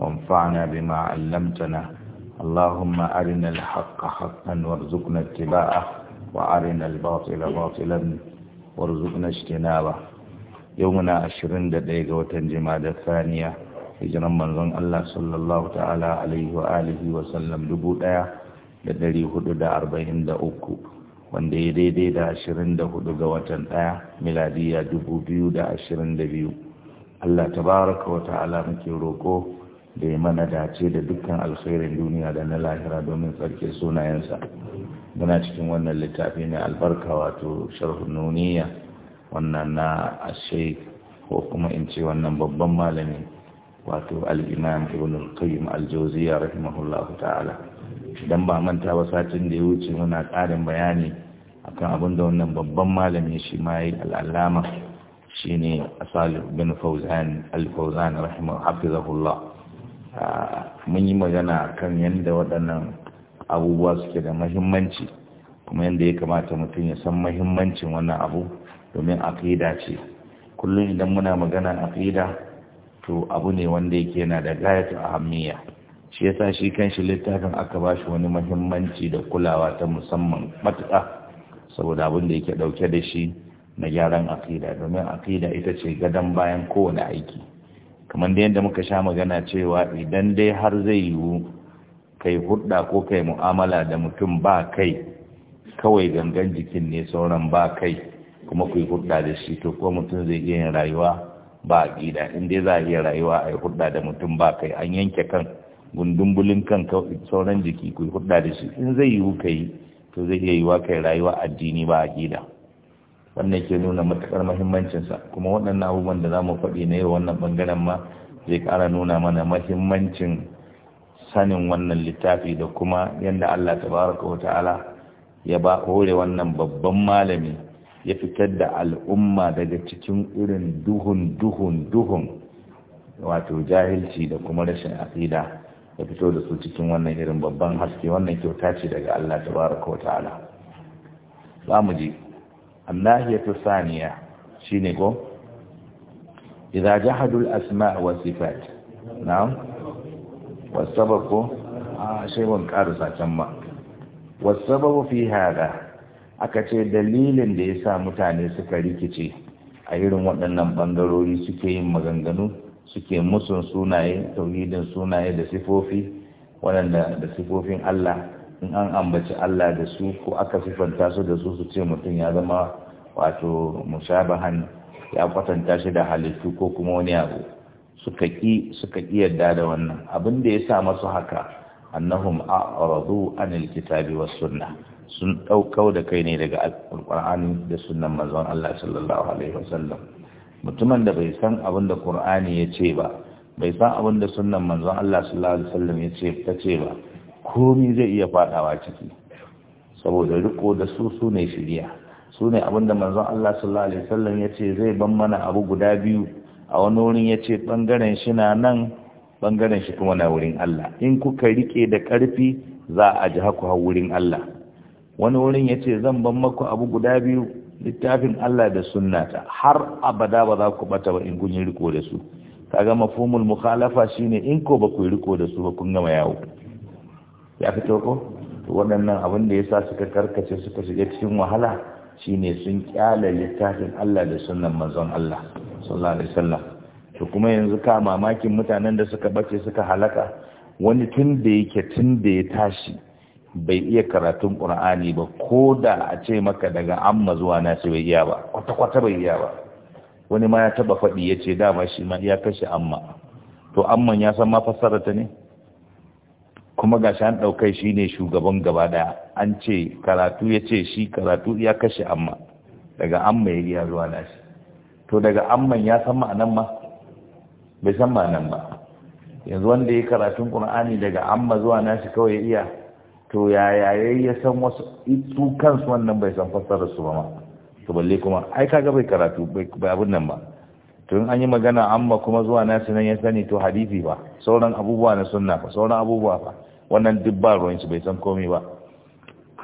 وانفعنا بما علمتنا اللهم أرنا الحق حقا وارزقنا اتباعه وأرنا الباطل باطلا وارزقنا اجتنابه يومنا عشرين دقيقة وتنجمع الثانية hijiran manzon Allah sallallahu ta'ala alaihi wa alihi wa sallam dubu ɗaya da dari hudu da arba'in da uku wanda ya daidai da ashirin da hudu ga watan ɗaya miladiya dubu biyu da ashirin da biyu Allah tabaraka wa muke roko da ya mana dace da dukkan alkhairin duniya da na lahira domin tsarki sunayensa muna cikin wannan littafi mai albarka wato sharhun wannan na ashe ko kuma in ce wannan babban malami wato al-imam ibn al-qayyim al-jawziyya rahimahullahu ta'ala idan ba manta ba satin da ya wuce muna ƙarin bayani akan abin da wannan babban malami shi ma yi al'allama shine asalih bin Fauzan al-fawzan rahimahullahu mun yi magana kan yadda waɗannan abubuwa suke da mahimmanci kuma yadda ya kamata mutum ya san mahimmancin wannan abu domin aƙida ce kullum idan muna magana aƙida to abu ne wanda yake yana da gayatu ahammiya shi yasa shi kan shi littafin aka ba shi wani mahimmanci da kulawa ta musamman matuƙa saboda abin da yake ɗauke da shi na gyaran aƙida domin aƙida ita ce gadon bayan kowane aiki kamar da yadda muka sha magana cewa idan dai har zai yiwu kai hudda ko kai mu'amala da mutum ba kai kawai gangan jikin ne sauran ba kai kuma kai hudda da shi to ko mutum zai iya yin rayuwa ba aƙida in dai za a iya rayuwa a yi hudda da mutum ba kai an yanke kan gundumbulin kan sauran jiki ku hudda da shi in zai yiwu kai to zai iya yiwa kai rayuwa addini ba a gida. wannan ke nuna matuƙar mahimmancinsa kuma waɗannan abubuwan da za mu faɗi na yau wannan ɓangaren ma zai ƙara nuna mana mahimmancin sanin wannan littafi da kuma yadda Allah tabaraka wa ta'ala ya ba hore wannan babban malami ya fitar da al'umma daga cikin irin duhun duhun duhun wato jahilci da kuma rashin aqida ya fito da su cikin wannan irin babban haske wannan kyauta ce daga Allah tabaraka wa ta'ala mu je. annahiyatu saniya shine go idza jahadul asma wa sifat na'am wasababu a shaywan karasa can ma wasababu aka ce dalilin da yasa mutane suka rikice a irin waɗannan bangarori suke yin maganganu suke musun sunaye tauhidin sunaye da sifofi waɗanda da sifofin Allah in an ambaci Allah da su ko aka sifanta su da su su ce mutum ya zama wato mushabahan ya kwatanta shi da halittu ko kuma wani abu suka ki suka ki yarda da wannan abin da ya sa masu haka annahum a'radu anil kitabi was sunnah sun daukau da kai ne daga alqur'ani da sunnan manzon Allah sallallahu alaihi wasallam mutumin da bai san abin da qur'ani ya ba bai san abin da sunnan manzon Allah sallallahu alaihi wasallam yace ta ce ba komi zai iya fadawa ciki saboda riko da su su ne shirya su ne abinda manzon Allah sallallahu alaihi wasallam ya zai ban mana abu guda biyu a wani wurin ya ce shi na nan ɓangaren shi kuma na wurin Allah in kuka rike da karfi za a ji haku har wurin Allah wani wurin yace zan ban maku abu guda biyu littafin Allah da sunnata har abada ba za ku bata ba in kun yi riko da su kaga mafhumul mukhalafa shine in ko ba ku riko da su ba kun gama yawo ya fito ko waɗannan abin da ya sa suka karkace suka shiga cikin wahala shine sun kyala littafin Allah da sunan manzon Allah sallallahu alaihi wasallam to kuma yanzu ka mamakin mutanen da suka bace suka halaka wani tun da yake tun da ya tashi bai iya karatun Qur'ani ba ko da a ce maka daga amma zuwa na sai bai iya ba kwata kwata bai iya ba wani ma ya taba faɗi yace ce dama shi ma iya kashe amma to amman ya san ma fassara ta ne kuma gashi an ɗaukai shi ne shugaban gaba ɗaya an ce karatu ya ce shi karatu ya kashe amma daga amma ya riya zuwa nashi to daga amman ya san ma'anan ma bai san ma'anan ba yanzu wanda ya karatun ƙur'ani daga amma zuwa nashi kawai ya iya to yaya ya san wasu su kansu wannan bai san fassarar su ba ma to balle kuma ai kaga bai karatu bai abin nan ba tun an yi magana amma kuma zuwa nasu nan ya sani to hadisi ba sauran abubuwa na sunna ba sauran abubuwa ba wannan duk ba ruwan bai san komai ba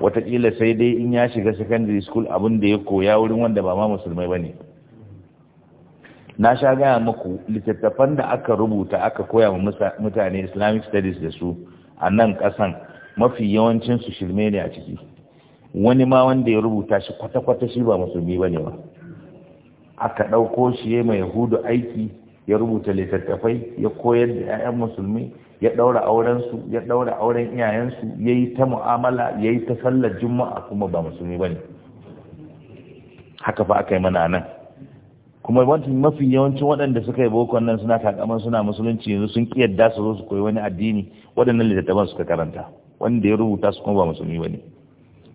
wataƙila sai dai in ya shiga secondary school abin da ya koya wurin wanda ba ma musulmai ba ne na sha gaya muku littattafan da aka rubuta aka koya wa mutane islamic studies da su a nan kasan mafi yawancinsu shirme ne a ciki wani ma wanda ya rubuta shi kwata-kwata shi ba musulmi ba ne ba aka ɗauko shi ya mai yahudu aiki ya rubuta littattafai ya koyar da 'ya'yan musulmi ya ɗaura aurensu ya ɗaura auren iyayensu ya yi ta mu'amala ya yi ta sallar juma'a kuma ba musulmi ba ne haka fa aka yi mana nan kuma mafi yawancin waɗanda suka yi bokon nan suna takaman suna musulunci yanzu sun kiyarda su zo su koyi wani addini waɗannan littattafan suka karanta wanda ya rubuta su kuma ba musulmi ba ne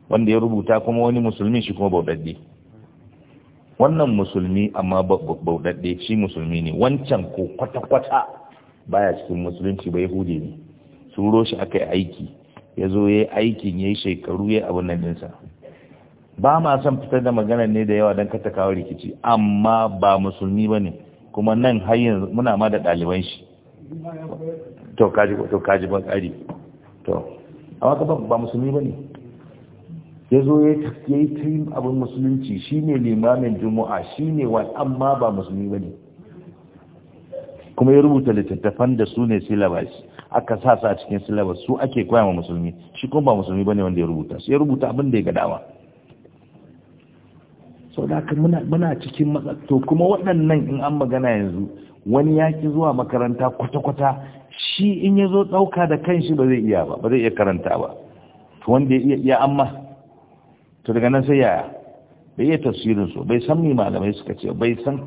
wanda ya rubuta kuma wani musulmi shi kuma bauɗaɗɗe wannan musulmi amma bauɗaɗɗe shi musulmi ne wancan ko kwata-kwata baya cikin musulunci ba yahudi ne turo shi aka yi aiki ya zo ya yi aikin ya yi shekaru ya abin nan ɗinsa ba ma son fitar da magana ne da yawa don kata kawo rikici amma ba musulmi ba ne kuma nan har muna ma da ɗaliban shi to kaji ba ƙari to amma ba musulmi ba ne ya zo ya yi tun abin musulunci shi ne limamin juma'a shi ne amma ba musulmi ba ne kuma ya rubuta littattafan da su ne silabas aka sa su a cikin silabas su ake koya ma musulmi shi kuma ba musulmi ba ne wanda ya rubuta su ya rubuta abin da ya ga dama sau da haka muna cikin matsatto kuma waɗannan in an magana yanzu wani ya ki zuwa makaranta kwata-kwata shi in ya zo ɗauka da kanshi ba zai iya ba ba zai iya karanta ba wanda ya iya amma to daga nan sai yaya bai yi tafsirin su bai san me malamai suka ce bai san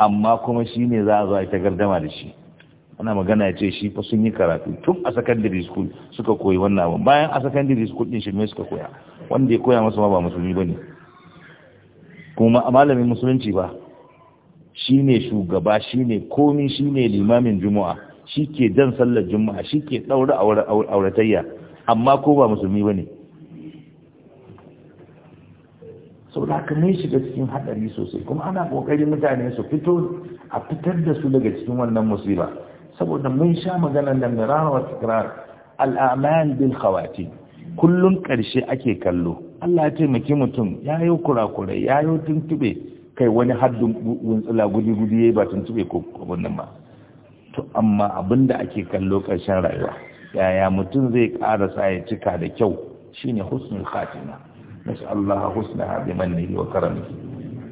amma kuma shi ne za a zo a ta gardama da shi ana magana ya ce shi fa sun yi karatu tun a secondary school suka koyi wannan abu bayan a sakandare school din shi suka koya wanda ya koya masa ma ba musulmi bane kuma a malamin musulunci ba shi ne shugaba shi ne komi shi ne limamin juma'a shi ke jan sallar juma'a shi ke ɗaura auratayya amma ko ba musulmi ba ne sau da haka mun shiga cikin haɗari sosai kuma ana ƙoƙari mutane su fito a fitar da su daga cikin wannan musiba saboda mun sha magana da mirara wa tikrar al'aman bil khawati kullun ƙarshe ake kallo Allah ya taimaki mutum ya yi kurakure ya yi tuntube kai wani haddun wuntsula gudi-gudi ya yi ba tuntube ko wannan ba to amma abin da ake kallo karshen rayuwa yaya mutum zai karasa ya cika da kyau shine husnul khatima نسأل الله حسنها بمنه وكرمه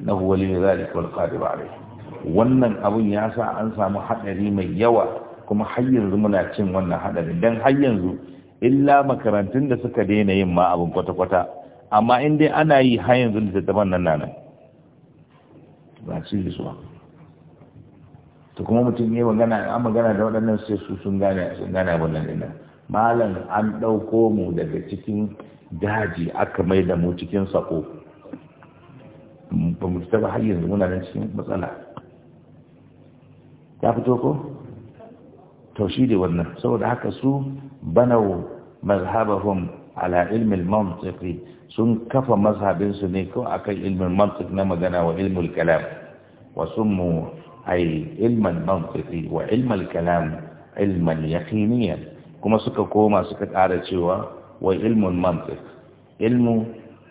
إنه ولي ذلك والقادر عليه wannan abun ya sa an samu haɗari mai yawa kuma har yanzu muna cin wannan haɗari don har yanzu illa makarantun da suka daina yin ma abin kwata-kwata amma in dai ana yi har yanzu littattafan nan nan ba su yi zuwa to kuma mutum ya magana an magana da waɗannan sai su sun gane sun gane abin nan malam an ɗauko mu daga cikin daji aka mai da mu cikin sako ba mu taba har yanzu muna nan cikin matsala ya fito ko taushi da wannan saboda haka su banau mazhabahum ala ilmin mantiki sun kafa mazhabinsu ne ko akan ilmin mantiki na magana wa ilmin kalam wa summu ay ilman mantiki wa ilmin kalam ilman yaqiniyan kuma suka koma suka ƙara cewa wa ilmun mantik ilmu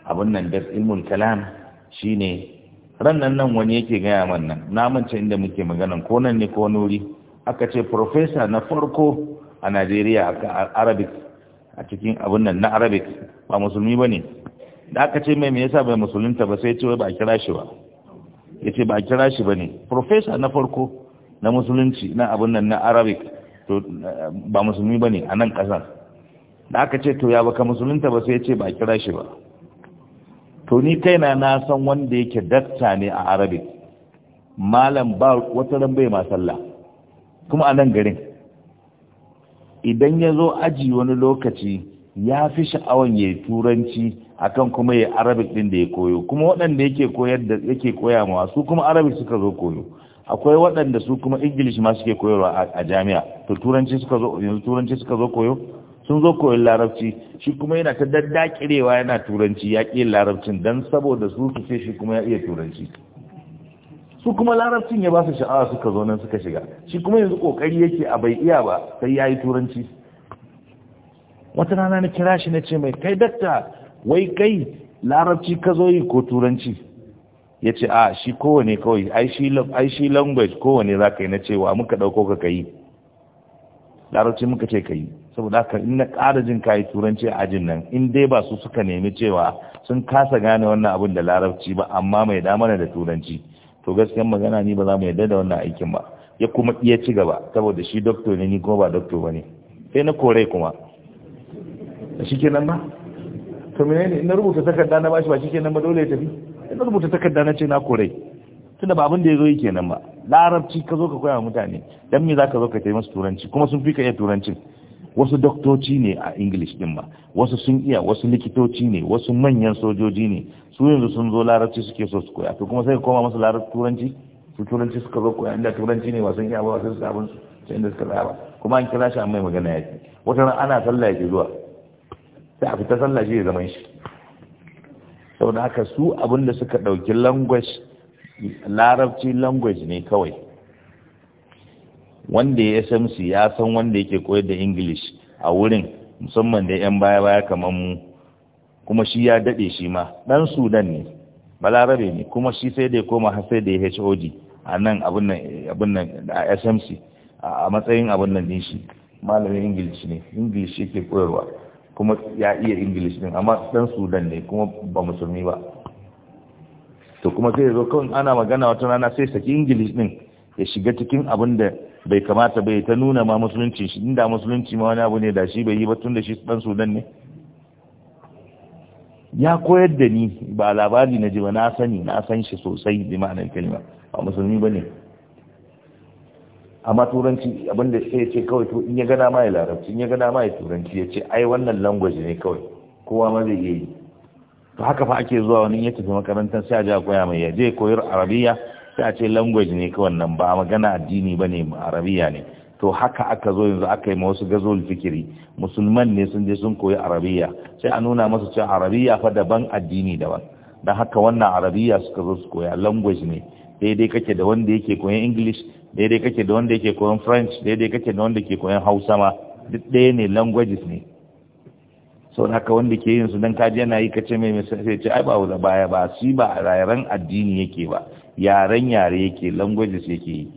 abun nan da ilmun kalam shine rannan nan wani yake gaya man nan na mance inda muke maganan ko nan ne ko nuri aka ce professor na farko a Najeriya aka Arabic a cikin abun nan na Arabic ba musulmi bane da aka ce mai me yasa bai musulunta ba sai ya ce ba a kira shi ba yace ba a kira shi bane professor na farko na musulunci na abun nan na Arabic ba musulmi ba ne a nan ƙasar da aka ce to ya baka musulunta ba sai ya ce ba kira shi ba to ni kaina na san wanda yake datta ne a arabic malam ba wata ran bai ma sallah kuma a nan garin idan ya zo aji wani lokaci ya fi sha'awan ya yi turanci akan kuma ya arabic din da ya koyo kuma waɗanda yake koyar da yake koya ma su kuma arabic suka zo koyo akwai waɗanda su kuma english ma suke koyarwa a jami'a to turanci suka zo yanzu turanci koyo sun zo koyon larabci shi kuma yana ta daddakirewa yana turanci ya ƙi larabcin don saboda su su ce shi kuma ya iya turanci su kuma larabcin ya ba su sha'awa suka zo nan suka shiga shi kuma yanzu kokari yake a bai iya ba sai ya yi turanci wata rana na kira shi na ce mai kai dakta wai kai larabci ka zo yi ko turanci ya ce a shi kowane kawai Aishi shi language kowane za ka yi na cewa muka ɗauko ka ka yi larabci muka ce kai saboda haka in na ƙara jin kayi turanci a ajin nan in dai ba su suka nemi cewa sun kasa gane wannan abin da larabci ba amma mai damana da turanci to gaskiya magana ni ba za mu yarda da wannan aikin ba ya kuma iya ci gaba saboda shi doktor ne ni kuma ba doktor ba ne sai na kore kuma shi nan ba to menene na rubuta takarda na bashi ba shi nan ba dole ya tafi na rubuta takarda na ce na kore tunda ba abin da ya zo yi kenan ba larabci ka zo ka koya mutane dan me zaka zo ka kai masu turanci kuma sun fi ka iya turancin wasu doktoci ne a english din ba wasu sun iya wasu likitoci ne wasu manyan sojoji ne su yanzu sun zo larabci suke so su koya to kuma sai koma masu larabci turanci su turanci suka zo koya inda turanci ne wasan iya ba wasu sabon su sai inda suka tsaya kuma an kira shi amma mai magana ce wata ran ana sallah yake zuwa sai a fita sallah shi ya zama shi saboda haka su abinda suka dauki language larabci language ne kawai wanda ya smc ya san wanda yake koyar da english a wurin musamman da 'yan baya-baya kamar mu kuma shi ya dade shi ma dan sudan ne balarabe ne kuma shi sai da ya koma har sai da ya hod a nan a smc a matsayin abun nan din shi malamin english ne english yake koyarwa kuma ya iya english din amma dan sudan ne kuma ba musulmi ba to kuma sai zo kawai ana magana wata rana sai saki ingilis din ya shiga cikin abin da bai kamata bai ta nuna ma musulunci shi inda musulunci ma wani abu ne da shi bai yi ba tun da shi dan sudan ne ya koyar da ni ba labari na ji ba na sani na san shi sosai bi ma'anar kalma ba musulmi ba ne amma turanci abin da sai ya ce kawai to in ya gana ma ya larabci in ya gana ma ya turanci ya ce ai wannan language ne kawai kowa ma zai iya yi to haka fa ake zuwa wani ya tafi makarantar sai a ji a koya mai ya je koyar arabiya sai a ce language ne ka wannan ba magana addini ba ne arabiya ne to haka aka zo yanzu aka yi wasu gazol fikiri musulman ne sun je sun koyi arabiya sai a nuna masa cewa arabiya fa daban addini daban dan haka wannan arabiya suka zo su koya language ne daidai kake da wanda yake koyan english daidai kake da wanda yake koyan french daidai kake da wanda ke koyan hausa ma duk ɗaya ne languages ne sau haka wanda ke yin su don kaji yana yi kace mai sai ce ai ba wuza baya ba su ba yaren addini yake ba yaren yare yake languages yake yi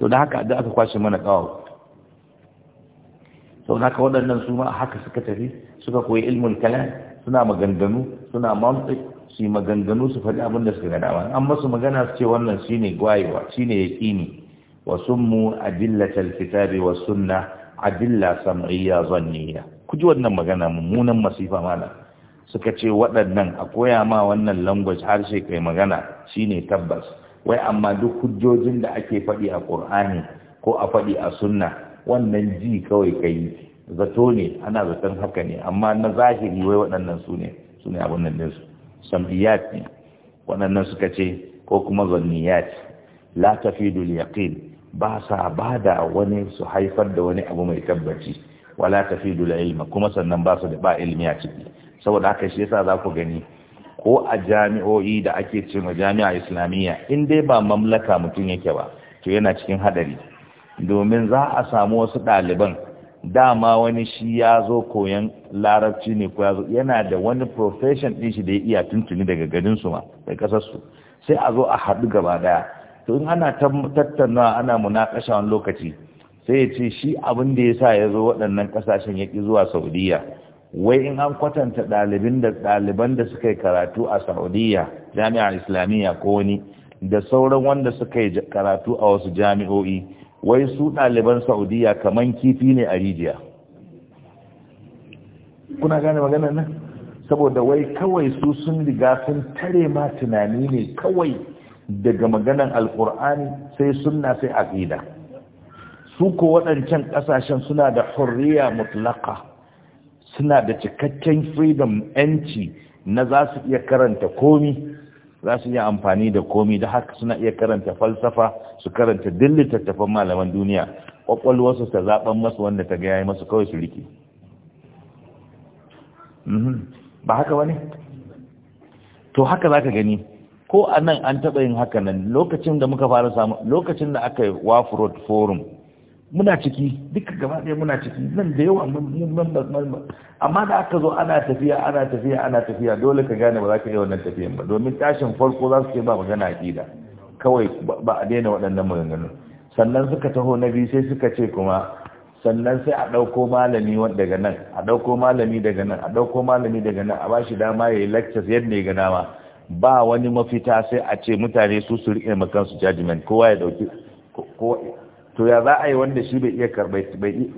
to da haka da aka kwashe mana kawo sau haka waɗannan su ma haka suka tafi suka koyi ilmin kalan suna maganganu suna mamtsi su maganganu su faɗi abin da suka gada an masu magana su ce wannan shine gwayewa shine yaqini wa summu adillatal kitabi was sunnah adilla sam'iyya zanniyya ku ji wannan magana mummunan masifa mana suka ce waɗannan a koya ma wannan language harshe kai magana shine tabbas wai amma duk hujjojin da ake faɗi a ƙur'ani ko a faɗi a sunna wannan ji kawai kai zato ne ana zaton haka ne amma na zahiri wai waɗannan su ne su ne abin nan su sam'iyat ne waɗannan suka ce ko kuma zanniyat la tafidul yaqin ba sa bada wani su haifar da wani abu mai tabbaci wala tafidu la ilma kuma sannan ba su da ba ilmi a ciki saboda haka shi yasa za ku gani ko a jami'o'i da ake cin a jami'a islamiyya in dai ba mamlaka mutum yake ba to yana cikin hadari domin za a samu wasu ɗaliban dama wani shi ya zo koyan larabci ne ko ya zo yana da wani profession ɗin shi da ya iya tuntuni daga su ma da ƙasarsu sai a zo a haɗu gaba ɗaya to in ana tattaunawa ana munakasha wani lokaci sai ce shi abin da ya sa ya zo waɗannan ƙasashen ya ƙi zuwa saudiya wai in an kwatanta ɗalibin da ɗaliban da suka yi karatu a saudiya jami'ar islamiyya ko wani da sauran wanda suka yi karatu a wasu jami'o'i wai su ɗaliban saudiya kaman kifi ne a rijiya kuna gane maganar nan saboda wai kawai su sun riga sun tare ma tunani ne kawai daga maganar alkur'ani sai sunna sai aqida su ko waɗancan ƙasashen suna da hurriya mutlaka suna da cikakken freedom yanci na za su iya karanta komi za su iya amfani da komi da haka suna iya karanta falsafa su karanta dillin tattafan malaman duniya ƙwaƙwalwarsu ta zaɓen masu wanda ta gaya masu kawai su riƙe. Mhm. ba haka wani to haka za ka gani ko a nan an taɓa yin haka nan lokacin da muka fara samu lokacin da aka yi wafrod forum muna ciki duka gaba ɗaya muna ciki nan da yawa amma da aka zo ana tafiya ana tafiya ana tafiya dole ka gane ba za ka yi wannan tafiyan ba domin tashin farko za su ce ba magana a ƙida kawai ba a daina waɗannan maganganu sannan suka taho na biyu sai suka ce kuma sannan sai a ɗauko malami daga nan a ɗauko malami daga nan a ɗauko malami daga nan a ba shi dama ya yi lectures yadda ya ga ma ba wani mafita sai a ce mutane su su riƙe makansu judgment kowa ya ɗauki to ya za a yi wanda shi bai iya karɓai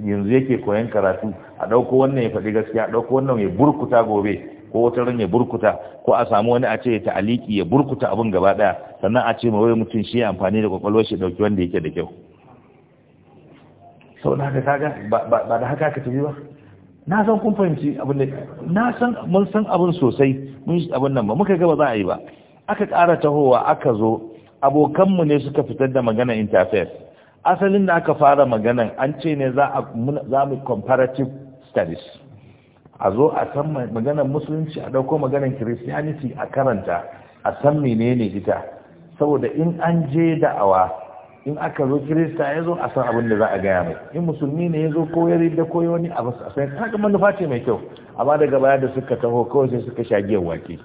yanzu yake koyan karatu a ɗauko wannan ya faɗi gaskiya a ɗauko wannan ya burkuta gobe ko wata ran ya burkuta ko a samu wani a ce ta aliki ya burkuta abin gaba ɗaya sannan a ce ma wai mutum shi amfani da kwakwalwar shi ɗauki wanda yake da kyau sau na haka kaga ba da haka ka tafi ba na san kun fahimci abin da na san mun san abin sosai mun shi abin nan ba muka ga ba za a yi ba aka ƙara tahowa aka zo abokanmu ne suka fitar da magana interface asalin da aka fara maganan an ce ne za mu comparative studies a zo a san maganar musulunci a dauko maganar christianity a karanta a san menene ita saboda in an je da'awa in aka zo kirista ya zo a san abin da za a gaya mai in musulmi ne ya zo ko da ko wani a san kaga manufa ce mai kyau amma daga baya da suka taho kawai sai suka sha giyan wake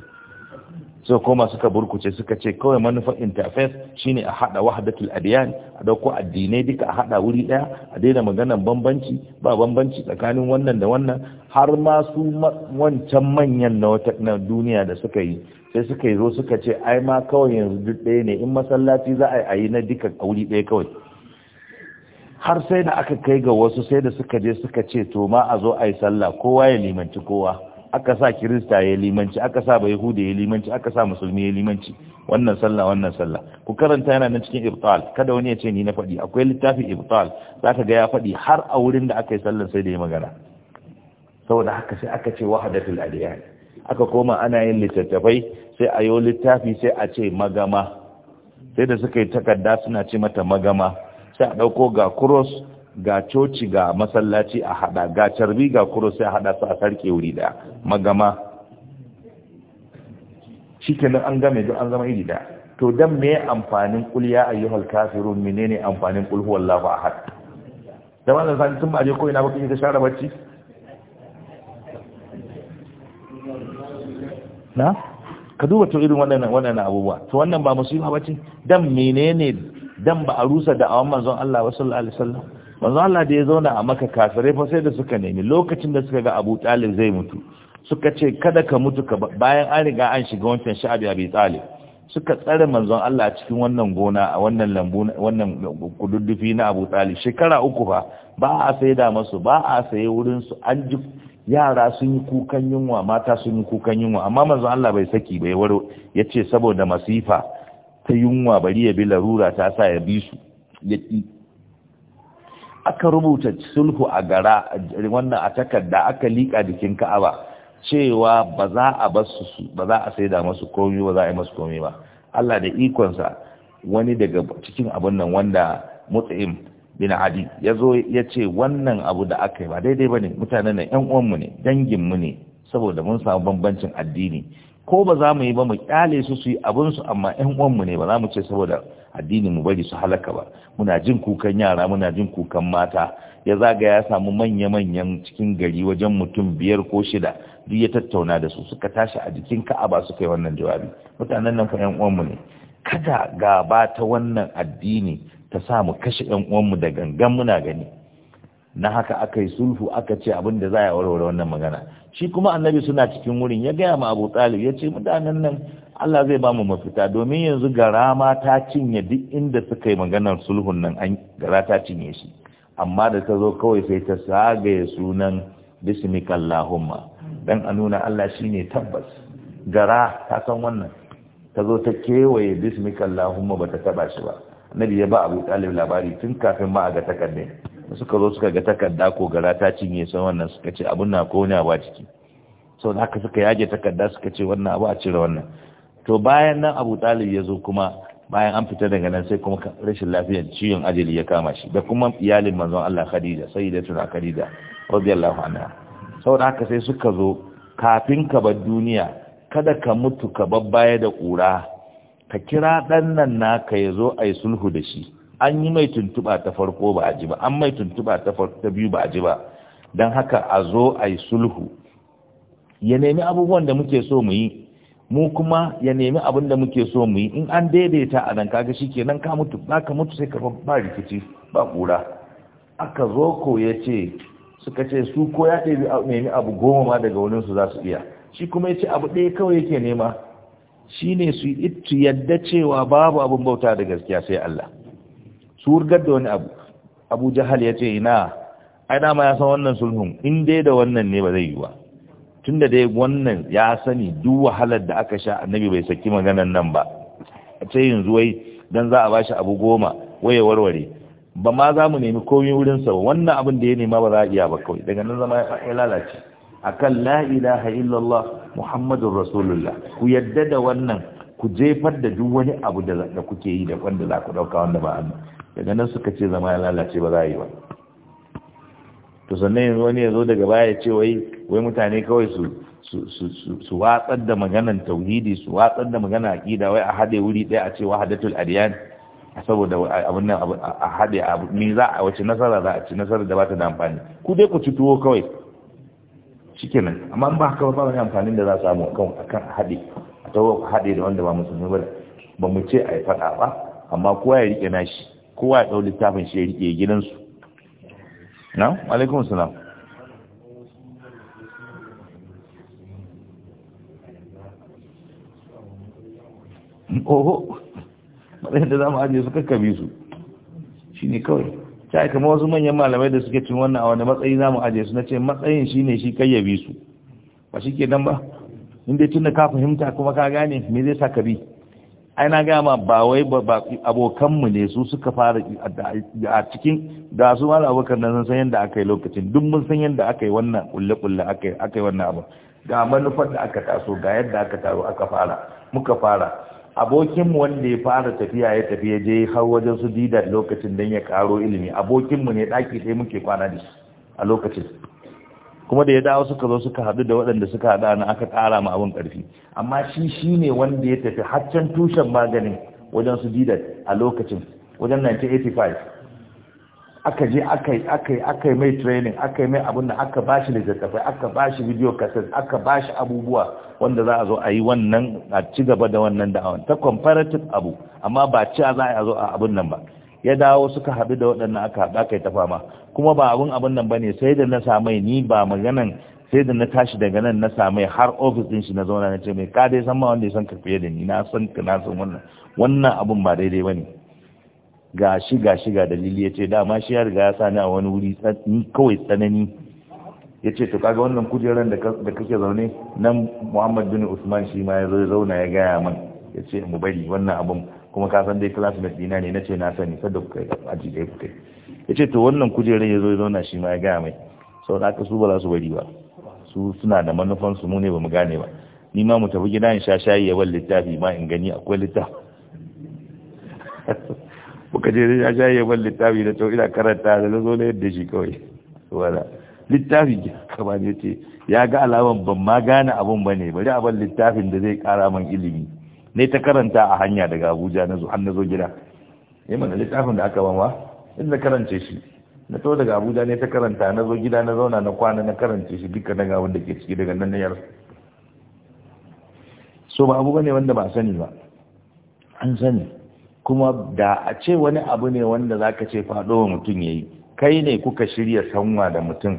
suka koma suka burkuce suka ce kawai manufar interface shine a hada wahdatul adiyan a dauko addinai duka a hada wuri daya a daina maganar bambanci ba bambanci tsakanin wannan da wannan har ma su wancan manyan na wata na duniya da suka yi sai suka yi zo suka ce ai ma kawai yanzu duk ɗaya ne in masallaci za a yi na duka a wuri daya kawai har sai da aka kai ga wasu sai da suka je suka ce to ma a zo a yi sallah kowa ya limanci kowa aka sa kirista ya limanci aka sa ba da ya limanci aka sa musulmi ya limanci wannan sallah wannan sallah ku karanta yana nan cikin ibtal kada wani ya ce ni na faɗi akwai littafi ibtal zaka ga ya faɗi har a wurin da aka yi sallar sai da ya magana saboda haka sai aka ce wahadatul adiyan aka koma ana yin littattafai sai a yo littafi sai a ce magama sai da suka yi takarda suna ce mata magama sai a ɗauko ga cross ga coci ga masallaci a hada ga carbi ga kuro sai hada su a sarki wuri da magama shikenan an game duk an zama iri da to dan me amfanin kul ya ayyuhal mine ne amfanin kul a ahad da wannan sai tun ba je ko ina ba kike share bacci na ka duba to irin wannan abubuwa to wannan ba musiba bace dan menene dan ba a rusa da awon manzon Allah sallallahu alaihi wasallam manzo Allah da ya zauna a maka kafirai fa sai da suka nemi lokacin da suka ga Abu Talib zai mutu suka ce kada ka mutu ka bayan an riga an shiga wancan sha'abi Abi Talib suka tsare manzon Allah cikin wannan gona a wannan lambu wannan kududdufi na Abu Talib shekara uku fa ba a sai saida masu ba a sai wurin su an ji yara sun yi kukan yunwa mata sun yi kukan yunwa amma manzon Allah bai saki bai waro yace saboda masifa ta yunwa bari ya bi larura ta sa ya bi su aka rubuta sulhu a gara wannan a takarda aka liƙa jikin ka'aba cewa ba za a basu ba za a saida masu komi ba za a yi masu komi ba Allah da ikonsa wani daga cikin abun nan wanda mut'im bin adi ya zo ya ce wannan abu da aka yi ba daidai ba ne mutanen nan yan uwanmu ne mu ne saboda mun samu bambancin addini ko ba za mu yi ba mu kyale su su yi su amma yan uwanmu ne ba za mu ce saboda addinin mu bari su halaka ba muna jin kukan yara muna jin kukan mata ya zaga ya samu manya-manyan cikin gari wajen mutum biyar ko shida duk ya tattauna da su suka tashi a jikin ka'aba su kai wannan jawabi mutanen nan fa yan uwanmu ne kada gaba ta wannan addini ta sa mu kashe yan mu da gangan muna gani na haka aka yi sulhu aka ce abin da za a warware wannan magana shi kuma annabi suna cikin wurin ya gaya ma abu talib ya ce mutanen nan Allah zai ba mu mafita domin yanzu gara ma ta cinye duk inda suka yi maganar sulhun nan an gara ta cinye shi amma da ta zo kawai sai ta sagaye sunan bismikallahumma dan a nuna Allah shine tabbas gara ta san wannan ta zo ta kewaye bismikallahumma ta taba shi ba nabi ya ba Abu Talib labari tun kafin ma a ga takarda suka zo suka ga takarda ko gara ta cinye san wannan suka ce abun na ko ne ba ciki sau da haka suka yage takarda suka ce wannan abu a cire wannan to bayan nan abu talib ya zo kuma bayan an fita daga nan sai kuma rashin lafiyar ciwon ajali ya kama shi da kuma iyalin manzon Allah Khadija sayyidatuna Khadija radiyallahu anha saboda haka sai suka zo kafin ka bar duniya kada ka mutu ka bar baya da kura ka kira dan nan naka ya zo ai sulhu da shi an yi mai tuntuba ta farko ba a ji ba an mai tuntuba ta farko ta biyu ba a ji ba dan haka a zo ai sulhu ya nemi abubuwan da muke so mu yi mu kuma ya nemi abin da muke so mu yi in an daidaita a nan kaga shi kenan ka mutu ba ka mutu sai ka ba rikici ba kura aka zo ko ya ce suka ce su ko ya ɗebi nemi abu goma ma daga wurinsu za su iya shi kuma ya ce abu ɗaya kawai yake nema shi ne su yadda cewa babu abin bauta da gaskiya sai Allah su wurgar da wani abu abu jahal ya ce ina ai dama ya san wannan sulhun in dai da wannan ne ba zai yi ba tun da dai wannan ya sani duk wahalar da aka sha annabi bai saki maganar nan ba ce yanzu wai dan za a bashi abu goma waye warware ba ma za mu nemi komi wurin sa wannan abin da ya nema ba za a iya ba kawai daga nan zama ya lalace akan la ilaha illallah muhammadur rasulullah ku yadda da wannan ku jefar da duk wani abu da kuke yi da wanda za ku dauka wanda ba daga nan suka ce zama ya lalace ba za a yi ba to sannan wani ya zo daga baya ya ce wai wai mutane kawai su su watsar da maganan tauhidi su watsar da magana aqida wai a hade wuri daya a ce wahdatul adyan saboda abun nan a hade abu ni za a wace nasara za a ci nasara da bata da amfani ku dai ku ci kawai shikenan amma ba ka ba wani amfanin da za a samu kan akan hade a tawo hade da wanda ba musulmi ba ba mu ce a yi fada ba amma kowa ya rike nashi kowa ya dau littafin shi ya rike gidansu na alaikun salam oho matsayin da za mu ajiye su kakkabi su shi ne kawai ta kama wasu manyan malamai da suke cin wannan a wani matsayi za mu ajiye su na ce matsayin shi ne shi kayyabi su ba shi ke nan ba inda tun da ka fahimta kuma ka gane me zai sa ka bi ai na gama ba wai abokanmu ne su suka fara a cikin da su mara abokan nan san yadda aka yi lokacin duk mun san yadda aka yi wannan kulle-kulle aka yi wannan abu ga manufar da aka taso ga yadda aka taro aka fara muka fara abokinmu wanda ya fara tafiya ya tafi ya je har wajen su dida lokacin don ya karo ilimi abokinmu ne daki sai muke kwana da shi a lokacin kuma da ya dawo suka zo suka haɗu da waɗanda suka haɗu na aka ƙara ma abin ƙarfi amma shi shi ne wanda ya tafi haccan tushen maganin wajen su didat a lokacin wajen 1985 aka je aka yi aka yi mai training aka yi mai abin da aka ba shi littattafai aka ba shi video cassette aka ba shi abubuwa wanda za a zo a yi wannan a ci gaba da wannan da'awan ta comparative abu amma ba ci za a zo a abin nan ba ya dawo suka haɗu da waɗannan aka haɗa kai ta fama kuma ba abun abin nan bane sai da na samai ni ba maganan sai da na tashi daga nan na samai har ofis din shi na zauna na ce mai ka dai san ma wanda ya san ka fiye da ni na san ka na san wannan wannan abun ba daidai bane ga shi ga shi ga dalili ya ce dama shi ya riga ya sani a wani wuri kawai tsanani ya ce to kaga wannan kujerar da kake zaune nan muhammad bin usman shi ma ya zo ya zauna ya gaya min ya ce mu bari wannan abun kuma ka san dai classmate dina ne nace na sani sadda kuka yi aji dai kuka yace ce to wannan kujerar ya zo ya zauna shi ma ya gaya mai sau da aka su ba za su bari ba su suna da manufan su mu ne ba mu gane ba ni ma mu tafi gida in sha shayi ya wal littafi ma in gani akwai littafi kaje da ya shayi ya wal littafi da to ina karanta da zo ne yadda shi kawai wala littafi kama ne ce ya ga alaman ban ma gane abun ba ne bari a bar littafin da zai kara man ilimi ne ta karanta a hanya daga abuja na zo har zo gida ya eh mana littafin da aka banwa, in na karance shi na to daga abuja ne ta karanta na zo gida na zauna na kwana na karance shi duka daga wanda ke ciki daga nan na yar so ba abu ne wanda ba sani ba an sani kuma da a ce wani abu ne wanda za ka ce faɗo mutum ya yi, kai ne kuka shirya sanwa da mutum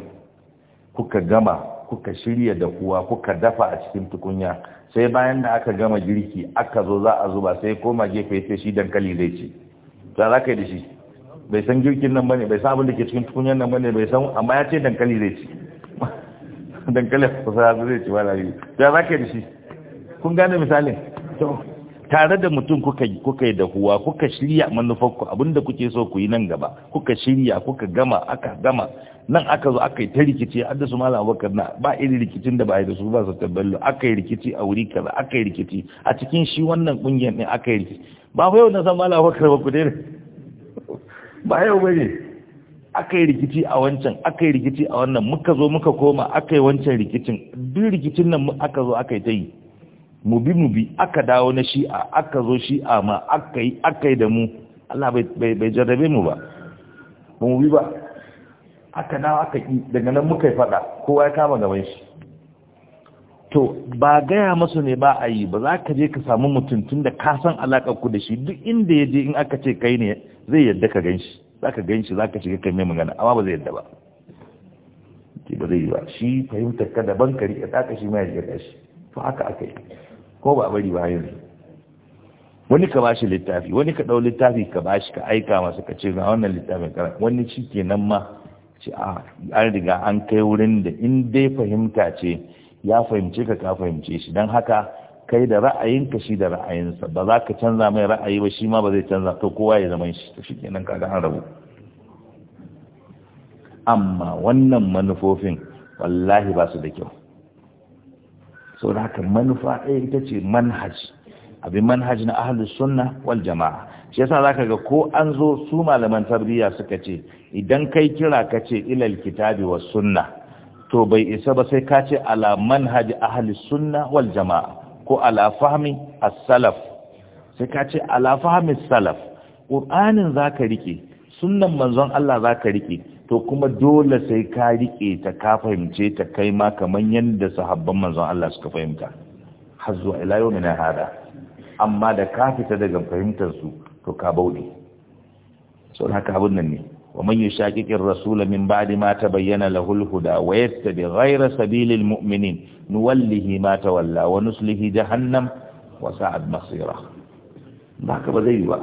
kuka gama kuka shirya da kuwa kuka dafa a cikin tukunya sai bayan da aka gama girki aka zo za a zuba sai koma gefe sai shi dankali zai ci za za ka yi da shi bai san girkin nan bane bai san abin da ke cikin tukunyar nan bane bai san amma ya ce dankali zai ci dankalin kusa zai ci wala yi ya za ka yi da shi kun gane misalin tare da mutum kuka yi da huwa kuka shirya manufarku abinda kuke so ku yi nan gaba kuka shirya kuka gama aka gama nan aka zo aka yi ta rikici adda da su malam abubakar na ba irin rikicin da ba yi da su ba su tabbalo aka yi rikici a wuri kaza aka yi rikici a cikin shi wannan kungiyar ne aka yi rikici ba fa yau na san malam abubakar ba ku dai ba yau ne aka yi rikici a wancan aka yi rikici a wannan muka zo muka koma aka yi wancan rikicin duk rikicin nan aka zo aka yi ta yi mu bi mu bi aka dawo na shi'a aka zo shi'a ma aka yi aka yi da mu Allah bai jarrabe mu ba mu bi ba aka dawo aka yi daga nan muka yi faɗa kowa ya kama gaban shi to ba gaya masa ne ba a yi ba za ka je ka samu mutum tun da ka san alaƙar ku da shi duk inda ya je in aka ce kai ne zai yadda ka gan shi za ka gan shi za ka shiga kai mai magana amma ba zai yadda ba ke ba zai yi ba shi fahimtar ka daban kari ka taka shi ma ya shiga shi to haka aka yi ko ba bari ba yanzu wani ka bashi littafi wani ka ɗau littafi ka bashi ka aika masa ka ce ga wannan littafin wani shi kenan ma ce a ah, an riga an kai wurin da in dai fahimta ce ya fahimce ka ka fahimce shi don haka kai da ra'ayinka shi da ra'ayinsa ba za ka canza mai ra'ayi ba shi ma ba zai canza to kowa ya zama shi to shi kenan kaga an rabu amma wannan manufofin wallahi ba su da kyau sau da haka manufa ɗaya ita ce manhaj abin manhaj na ahalus sunna wal jama'a shi yasa zaka ga ko an zo su malaman tarbiyya suka ce idan kai kira ka ce ilal kitabi was sunna to bai isa ba sai ka ce ala manhaj ahli sunna wal jamaa ko ala fahmi as-salaf sai ka ce ala fahmi as-salaf qur'anin zaka rike sunnan manzon Allah zaka rike to kuma dole sai ka rike ta ka fahimce ta kai ma kaman yanda sahabban manzon Allah suka fahimta hazzu ila yau hada amma da ka fita daga fahimtar su to ka bauɗe sau haka abin nan ne wa man yushaqiqir rasula min ba'di ma tabayyana lahu al-huda wa yattabi ghayra sabilil mu'minin nuwallihi ma tawalla wa nuslihi jahannam wa sa'ad masira ba ka ba zai yi ba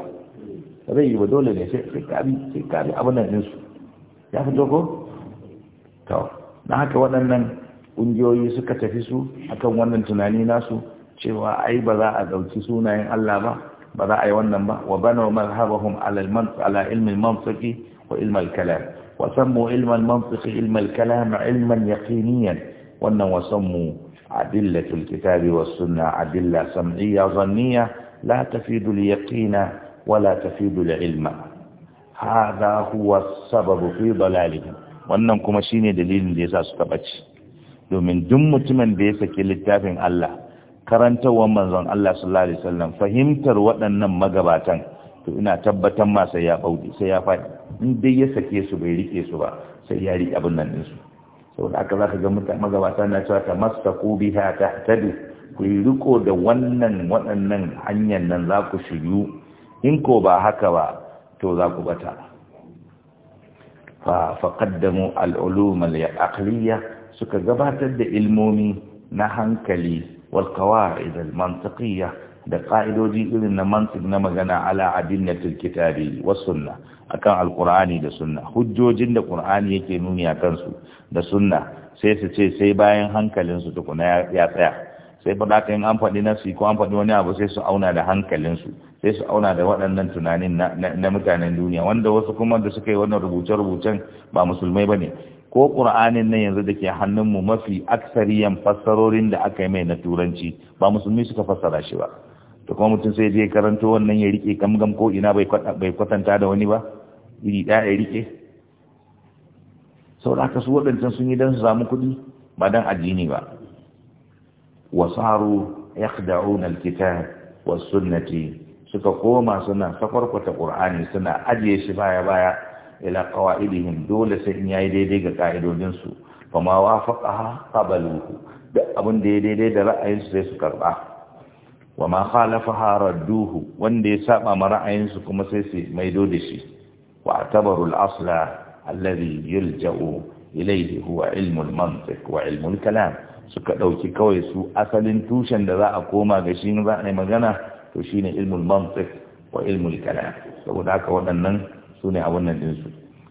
zai yi ba dole ne sai ka bi sai ka bi abin nan ɗinsu ya fi ko to na haka waɗannan ƙungiyoyi suka tafi su akan wannan tunani nasu cewa ai ba za a ɗauki sunayen Allah ba ba za a yi wannan ba wa bana mazhabahum ala al-mantiq ala ilm al-mantiqi wa ilm al-kalam wa sammu ilm al-mantiqi ilm al-kalam ilman yaqiniyan wannan wa sammu adillatul kitabi was sunnah adilla sam'iyya dhanniyya la tafidu al-yaqina wa la tafidu al-ilma hadha huwa as-sababu fi dalalihim wannan kuma shine dalilin da yasa suka bace domin duk mutumin da ya saki littafin Allah karantawar manzon Allah sallallahu alaihi wasallam fahimtar waɗannan magabatan to ina tabbatar ma sai ya sai ya faɗi in dai ya sake su bai rike su ba sai ya rike abin nan ɗinsu saboda haka za ka ga mutane magabata na cewa ta masta ku biha ta tadu ku riko da wannan waɗannan hanyar nan za ku shigu in ko ba haka ba to za ku bata fa faqaddamu al-ulum al suka gabatar da ilmomi na hankali والقواعد المنطقية da ƙa'idodi irin na mantik na magana ala adillatul kitabi was sunna akan alqur'ani da sunna hujjojin da ƙur'ani yake nuni akan su da sunna sai su ce sai bayan hankalin su tukuna ya tsaya sai fa daka an faɗi nafsi ko an faɗi wani abu sai su auna da hankalin su sai su auna da waɗannan tunanin na mutanen duniya wanda wasu kuma da suka yi wannan rubuce-rubucen ba musulmai bane ko ƙur'anin nan yanzu da ke hannunmu mafi aksariyan fassarorin da aka yi mai na turanci ba musulmi suka fassara shi ba to kuma mutum sai je karanto wannan ya rike gamgam ko ina bai kwatanta da wani ba iri ɗaya ya rike sau da aka su waɗancan sun yi don su samu kuɗi ba don addini ba wasaru ya da'una alkitab wasu sunnati suka koma suna sakwarkwata ƙur'ani suna ajiye shi baya baya ila qawaidihim dole sai in yayi daidai ga kaidodin su fa ma wafaqaha qabaluhu da ya daidai da ra'ayin su sai su karba wa ma khalafaha radduhu wanda ya saba ma ra'ayin su kuma sai su maido da shi wa atabaru al-asla alladhi yulja'u ilayhi huwa ilmu al-mantiq wa ilmu al-kalam suka dauki kawai su asalin tushen da za a koma ga shi za a yi magana to shine ilmu al-mantiq wa ilmu al-kalam saboda haka waɗannan su ne a wannan dinsu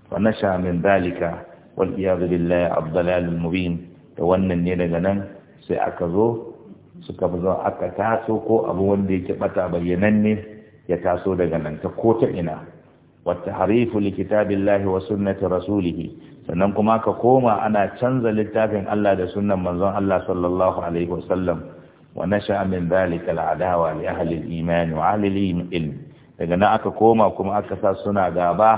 fa nasha min dalika wal iyadu billahi abdalal mubin da wannan ne daga nan sai aka zo suka zo aka taso ko abu wanda yake bata bayyananne ya taso daga nan ta ko ta ina wa tahrifu li kitabillahi wa sunnati rasulih sannan kuma ka koma ana canza littafin Allah da sunnan manzon Allah sallallahu alaihi wa nasha min dhalika al-adawa li ahli al-iman wa ahli al-ilm daga nan aka koma kuma aka sa suna gaba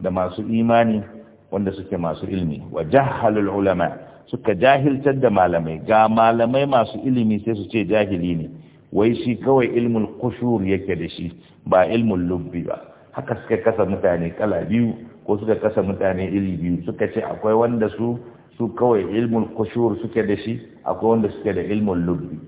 da masu imani wanda suke masu ilmi wa jahalul ulama suka jahiltar da malamai ga malamai masu ilimi sai su ce jahili ne wai shi kawai ilmul kushur yake da shi ba ilmul lubbi ba haka suka kasa mutane kala biyu ko suka kasa mutane iri biyu suka ce akwai wanda su su kawai ilmul kushur suke da shi akwai wanda suke da ilmul lubbi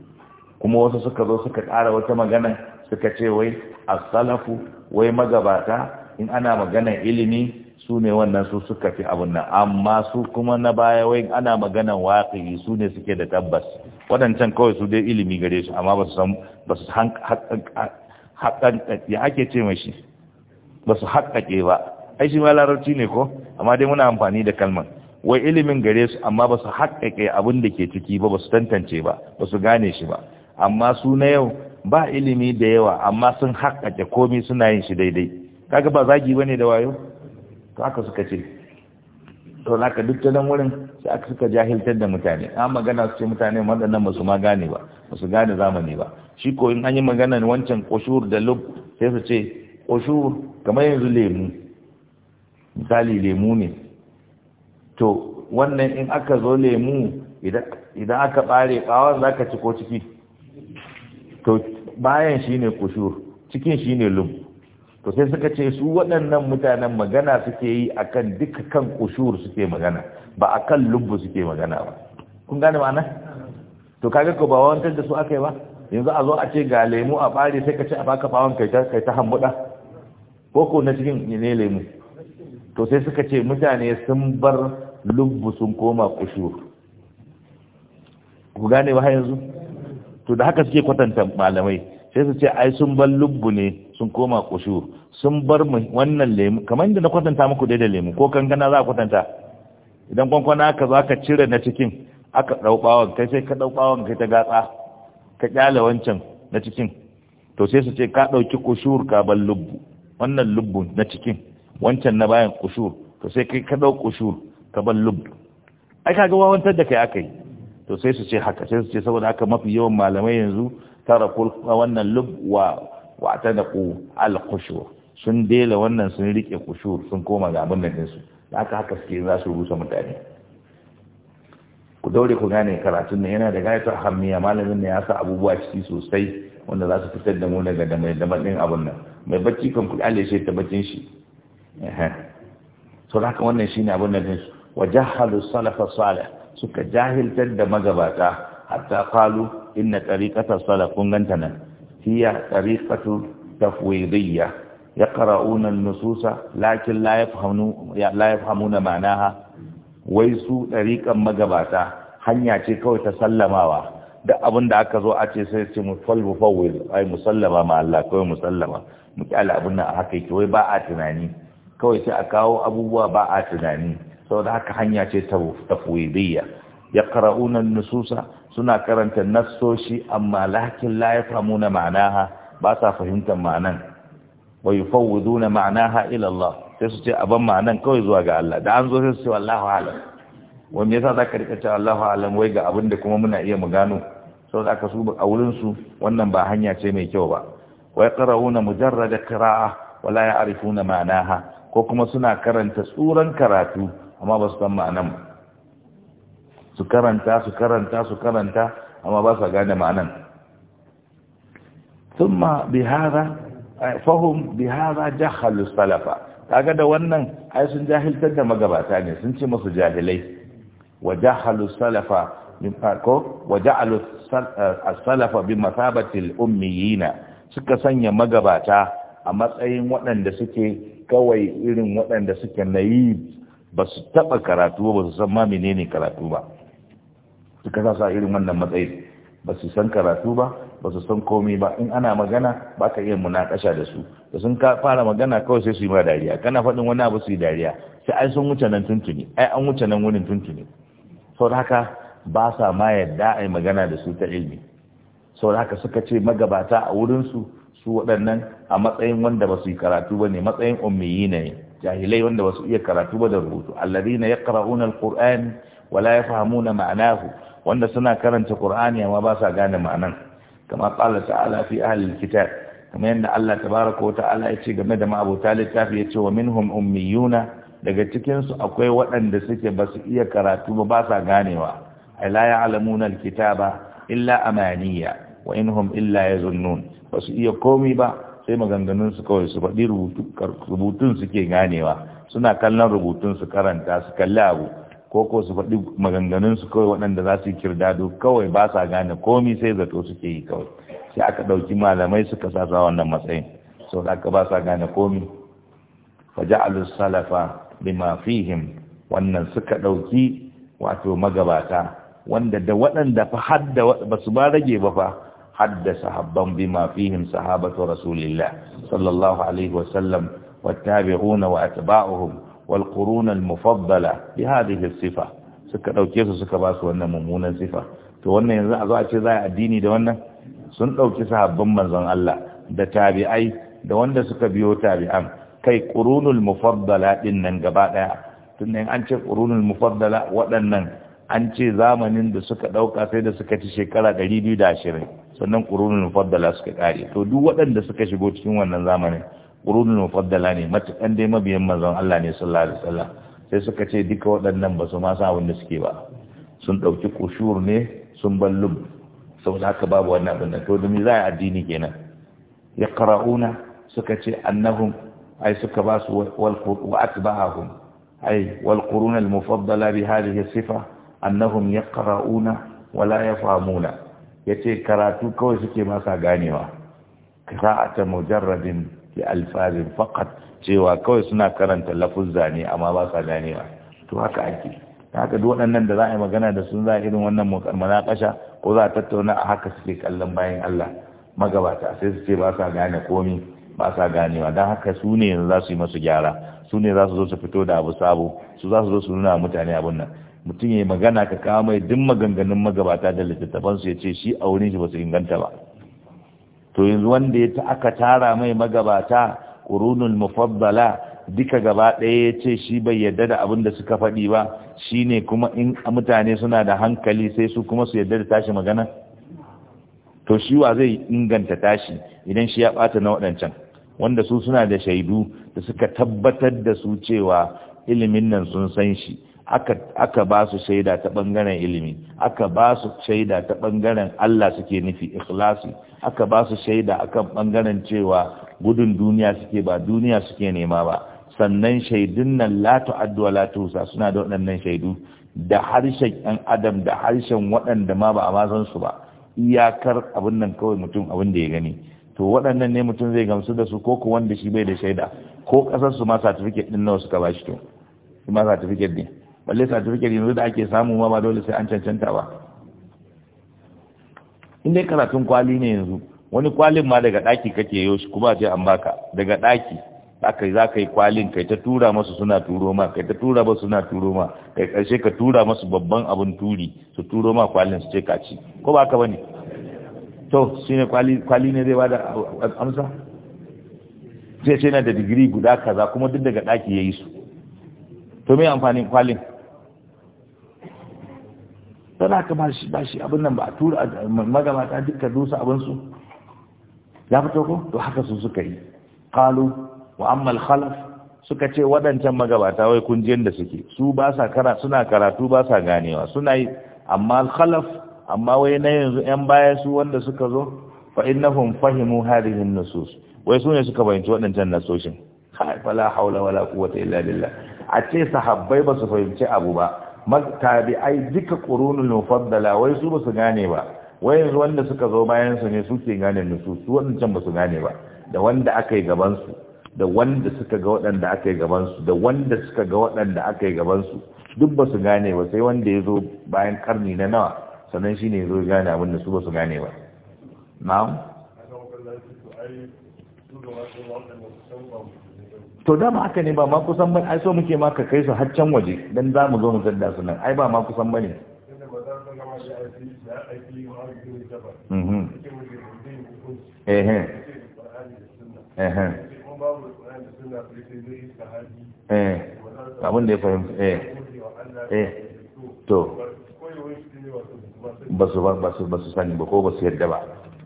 kuma wasu suka zo suka ƙara wata magana suka ce wai asalafu. salafu wai magabata in ana magana ilimi su ne wannan su suka fi abun nan amma su kuma na baya wai ana magana waƙi su ne suke da tabbas waɗancan kawai su dai ilimi gare su amma ba su san ba su haƙaƙe ya ake ce mai shi ba su haƙaƙe ba ai shi ma larabci ne ko amma dai muna amfani da kalmar wai ilimin gare su amma ba su haƙaƙe abin da ke ciki ba ba su tantance ba ba su gane shi ba amma su na yau ba ilimi da yawa amma sun haƙaƙe komi suna yin shi daidai kaga ba zagi bane da wayo to aka suka ce to ka duk ta nan wurin sai aka suka jahiltar da mutane an magana su ce mutane waɗannan ba su ma gane ba ba su gane zamani ba shi ko in an yi magana wancan koshur da lub sai su ce koshur kamar yanzu lemu misali lemu ne to wannan in aka zo lemu idan aka ɓare ɓawon za ka ci ko ciki to bayan shine kushur cikin shine lum to sai suka ce su waɗannan mutanen magana suke yi akan duka kan kushur suke magana ba a kan lubbu suke magana ba kun gane ma'ana to kaga ko ba wantar da su aka yi ba yanzu a zo a ce ga lemu a bare sai ka ce a baka bawon kai ta kai ko ko na cikin ne lemu to sai suka ce mutane sun bar lubbu sun koma kushur ku gane ba yanzu to da haka suke kwatanta malamai sai su ce ai sun bar lubbu ne sun koma kushur sun bar wannan lemu kamar inda na kwatanta muku dai da lemu ko kankana za a kwatanta idan kwankwana ka za ka cire na cikin aka bawon kai sai ka bawon kai ta gatsa ka ƙyale wancan na cikin to sai su ce ka ɗauki kushur ka bar lubbu wannan lubbu na cikin wancan na bayan kushur to sai kai ka dau kushur ka bar lubbu ai kaga wawantar da kai aka yi to sai su ce haka sai su ce saboda haka mafi yawan malamai yanzu tara wannan lub wa wa ta da ku al khushur sun dela wannan sun rike kushur sun koma ga abin da su da haka haka suke za su rusa mutane ku daure ku gane karatun nan yana da gaita hammiya malamin ne ya sa abubuwa ciki sosai wanda za su fitar da mu daga da mai din abin nan mai bacci kan ku alle shi ta bacin shi so haka wannan shine abin da dinsu wajahalu salafa salih suka jahiltar da magabata hatta qalu inna tariqata salafun ganta nan hiya tariqatu tafwidiyya yaqra'una an-nususa lakin la yafhamu la yafhamuna ma'naha wai su tariqan magabata hanya ce kawai ta sallamawa duk abin da aka zo a ce sai ce musallu fawil ai musallama ma Allah kawai musallama muke ala abin nan a haka yake wai ba a tunani kawai sai a kawo abubuwa ba a tunani sau da haka hanya ce tafwidiyya ya ƙara'unan nususa suna karanta nassoshi amma lakin la ya na ma'anaha ba sa fahimtar ma'anan wa yi fawudu ma'anaha sai su ce aban ma'anan kawai zuwa ga Allah da an zo sai su ce wallahu alam wani yasa za ka rika cewa Allahu alam wai ga abin da kuma muna iya mu gano saboda aka su a wurin su wannan ba hanya ce mai kyau ba wai qara'una mujarrada qira'a wala ya'rifuna ma'anaha ko kuma suna karanta tsuran karatu amma ba su san ma'anan ba su karanta su karanta su karanta amma ba su gane ma'anan thumma bihara eh, fahum bihara jahalu salafa kaga da wannan ai sun jahiltar da magabata ne sun ce musu jahilai wa jahalu salafa min farko ah, wa ja'alu eh, as-salafa bi masabati al-ummiyina suka sanya magabata a matsayin waɗanda suke kawai irin waɗanda suke naib ba su taɓa karatu ba su san ma menene karatu ba suka sa irin wannan matsayin ba su san karatu ba ba su san komai ba in ana magana ba ka iya munakasha da su da sun fara magana kawai sai su yi ma dariya kana faɗin wani abu su yi dariya sai ai sun wuce nan tuntuni ai an wuce nan wurin tuntuni sau da haka ba sa ma yadda a yi magana da su ta ilmi sau da haka suka ce magabata a wurinsu su waɗannan a matsayin wanda ba su yi karatu ba ne matsayin ummiyi ne jahilai wanda basu iya karatu ba da rubutu alladhina Kur'ani wala ya la na ma'anahu wanda suna karanta ƙur'ani amma ba sa gane ma'anan kama qala ta'ala fi ahli kitab. kama yanda Allah tabaaraka ko ta'ala ya ce game da ma'abuta littafi ya ce wa minhum ummiyuna daga cikinsu akwai waɗanda suke ba su iya karatu ba ba sa ganewa ai la ya'lamuna kitaba. illa amaniya wa inhum illa zunnun. ba su iya komi ba sai maganganun su kawai su faɗi rubutun suke ganewa suna kallon rubutun su karanta su kalli abu ko ko su faɗi maganganun su kawai waɗanda za su yi kirdado kawai ba sa gane komi sai zato suke yi kawai sai aka ɗauki malamai suka sasa wannan matsayin sau da aka ba sa gane komi faja'alu salafa bima fihim wannan suka ɗauki wato magabata wanda da waɗanda fa har da ba su ba rage ba fa haddasa habban bima fihim sahabatu rasulillah sallallahu alaihi wasallam wattabi'una wa atba'uhum wal qurun al mufaddala bi hadhihi al sifa suka dauke su suka ba su wannan mummunan sifa to wannan yanzu a zo a ce za a addini da wannan sun dauki sahabban manzon Allah da tabi'ai da wanda suka biyo tabi'an kai qurunul mufaddala din nan gaba daya tunan an ce qurunul mufaddala waɗannan an ce zamanin da suka dauka sai da suka ci shekara 220 sannan kurunin mufaddala suka kare to duk waɗanda suka shigo cikin wannan zamanin qurunul mufaddala ne matukan dai mabiyan manzon Allah ne sallallahu alaihi wasallam sai suka ce duka waɗannan ba su ma sa wanda suke ba sun ɗauki kushur ne sun ballum saboda haka babu wannan abin da to da za a addini kenan yaqra'una suka ce annahum ai suka ba su wal atba'ahum ai wal qurunul mufaddala bi hadhihi sifa annahum yaqra'una wala yafhamuna ya ce karatu kawai suke masa ganewa a ta mujarradin bi alfazin fakat cewa kawai suna karanta lafuzza ne amma ba sa ganewa to haka ake haka duk waɗannan da za a yi magana da sun za a irin wannan munakasha ko za a tattauna a haka suke kallon bayan Allah magabata sai su ce ba sa gane komi ba sa ganewa don haka su ne za su yi masu gyara su ne za su zo su fito da abu sabo su za su zo su nuna mutane abun nan mutum ya yi magana ka kawo mai duk maganganun magabata da littattafansu ya ce shi a wurin shi ba su inganta ba to yanzu wanda ya ta aka tara mai magabata ƙurunul mufaddala duka gaba ɗaya ya ce shi bai yarda da abin da suka faɗi ba shi ne kuma in mutane suna da hankali sai su kuma su yarda da tashi magana to shi wa zai inganta tashi idan shi ya ɓata na waɗancan wanda su suna da shaidu da suka tabbatar da su cewa ilimin nan sun san shi aka ba su shaida ta bangaren ilimi aka ba su shaida ta bangaren Allah suke nufi ikhlasi aka ba su shaida akan bangaren cewa gudun duniya suke ba duniya suke nema ba sannan shaidun nan la tu'addu wa la suna da waɗannan shaidu da harshen ɗan adam da harshen waɗanda ma ba a mazan su ba iyakar abin nan kawai mutum abin da ya gani to waɗannan ne mutum zai gamsu da su ko ku wanda shi bai da shaida ko ƙasar su ma satifiket din nawa suka bashi to shi ma satifiket din balle certificate yanzu da ake samu ma ba dole sai an cancanta ba in dai karatun kwali ne yanzu wani kwalin ma daga daki kake yau shi kuma ce an baka daga daki, aka za ka yi kwalin kai ta tura masu suna turo ma kai ta tura masu suna turo ma kai karshe ka tura masu babban abin turi su turo ma kwalin su ce ka ci ko ba ka bane to shi ne kwali ne zai bada amsa sai ce na da digiri guda kaza kuma duk daga daki ya yi su to me amfanin kwalin tana ka ba shi ba shi abin nan ba a tura magabata duka dusa abinsu ya fito ko to haka su suka yi Kalu. wa ammal khalaf suka ce wadancan magabata wai kun da suke su ba sa kara suna karatu ba sa ganewa suna yi amma khalaf amma wai na yanzu yan baya su wanda suka zo fa innahum fahimu hadhihi an-nusus wai su ne suka bayyana wadancan nasoshin kai fala haula wala quwwata illa billah a ce sahabbai ba su fahimci abu ba tabi'ai duka qurunul mufaddala wai su ba su gane ba wai yanzu wanda suka zo bayan su ne suke gane nusu su wannan ba su gane ba da wanda aka yi gaban su da wanda suka ga waɗanda aka yi gaban su da wanda suka ga waɗanda aka yi gaban su duk ba su gane ba sai wanda ya zo bayan karni na nawa sannan shine ya zo gane abin da su ba su gane ba na'am to dama haka ne ba ma kusan bane ai so muke ma ka kai su haccan waje dan za mu zo mu zadda su nan ai ba ma kusan bane mm-hmm. ehe ehe eh abin da ya fahimta eh eh to ba su ba su ba su sani ba ko ba su yadda ba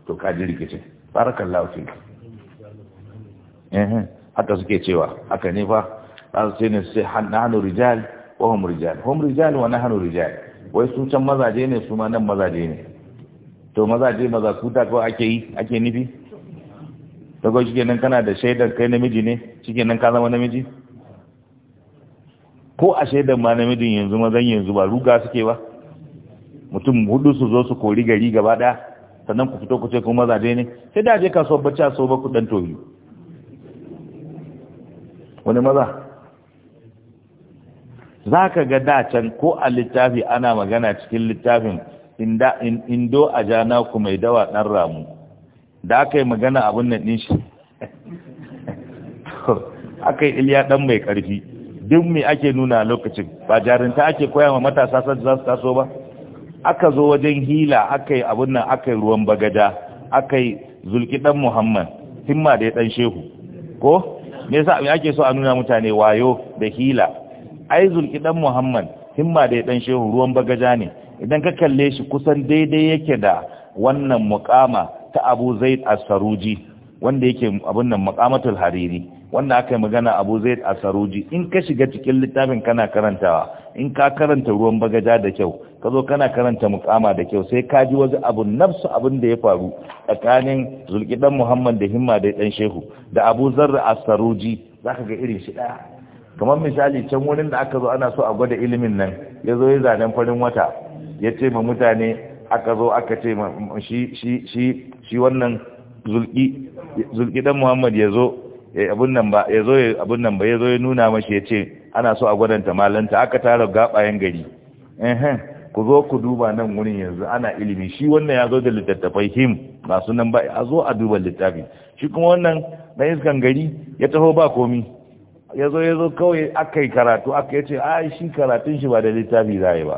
to kaji rikicin barakallahu fi eh eh haka suke cewa haka ne fa za su ce ne sai hannu rijal wa hum rijal hum rijal wa nahnu rijal wai su can mazaje ne su ma nan mazaje ne to mazaje maza ta ko ake yi ake nufi to ko nan kana da shaidar kai namiji ne nan ka zama namiji ko a shaidar ma namijin yanzu mazan yanzu ba ruga suke ba mutum hudu su zo su kori gari gaba daya sannan ku fito ku ce kuma mazaje ne sai da je kasuwar bacci a so ba ku dan toyi wani maza za ka ga dacen ko a littafi ana magana cikin littafin indo a jana ku mai dawa ɗan ramu da aka yi magana abin nan ɗin shi aka yi iliya ɗan mai ƙarfi duk mai ake nuna lokacin ba jarinta ake koya ma matasa sassa za su taso ba aka zo wajen hila aka yi abin nan aka yi ruwan bagada aka yi zulki ɗan muhammad himma da ya ɗan shehu ko me yasa me ake so a nuna mutane wayo da hila ai zulki muhammad himma da ya dan shehu ruwan bagaja ne idan ka kalle shi kusan daidai yake da wannan muqama ta abu zaid as-saruji wanda yake abun nan maqamatul hariri wannan aka yi magana abu zai a saroji in ka shiga cikin littafin kana karantawa in ka karanta ruwan bagaja da kyau ka zo kana karanta mukama da kyau sai ka ji wasu abu nafsu abin da ya faru tsakanin zulkidan muhammad da himma da dan shehu da abu zarra a saroji za ka ga irin shi ɗaya kamar misali can wurin da aka zo ana so a gwada ilimin nan ya zo ya zanen farin wata ya ce ma mutane aka zo aka ce ma shi wannan zulki zulkidan muhammad ya zo Eh, abun nan ba ya abun nan ba ya zo ya nuna mashi ya ce ana so a gwadanta malanta aka tara gabayen gari ku zo ku duba nan wurin yanzu ana ilimi shi wannan ya zo da littattafai him ba sunan ba a zo a duba littafi shi kuma wannan na iskan gari ya taho ba komi ya zo ya zo kawai aka karatu aka yace ce a shi karatun shi ba da littafi za ba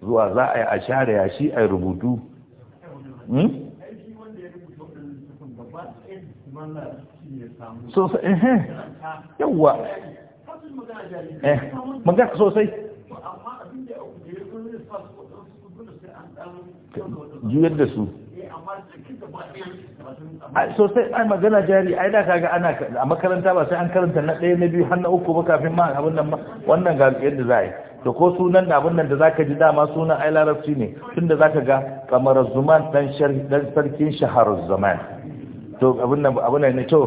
zuwa za a yi a share ya shi a rubutu hmm? sosai eh, eh, magana sosai juyar da su sosai ai magana jari ai da kaga ana a makaranta ba sai an karanta na ɗaya na biyu har na uku ba kafin ma abin nan wannan ga yadda za a da ko sunan da abin nan da zaka ji dama sunan ai larabci ne tunda zaka ga kamar zuman dan sarkin shahar zaman to abin nan abin nan ne to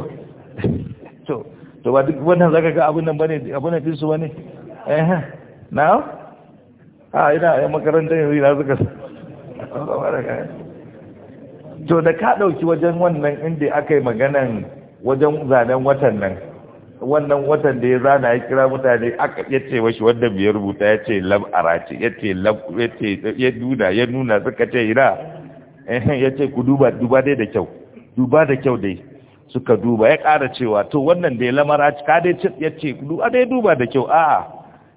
to to ba duk wannan zaka ga abin nan bane abin nan din su bane eh na a ina ya makarantar yanzu ina suka to da ka dauki wajen wannan inda aka yi maganan wajen zanen watan nan wannan watan da ya zana ya kira mutane aka ya ce shi wanda bai rubuta ya ce lab arati ya ce lab ya ce ya nuna ya nuna suka ce ina ya ce ku duba duba dai da kyau duba da kyau dai suka duba ya ƙara cewa to wannan da ya lamara ka dai ya ce duba dai duba da kyau a'a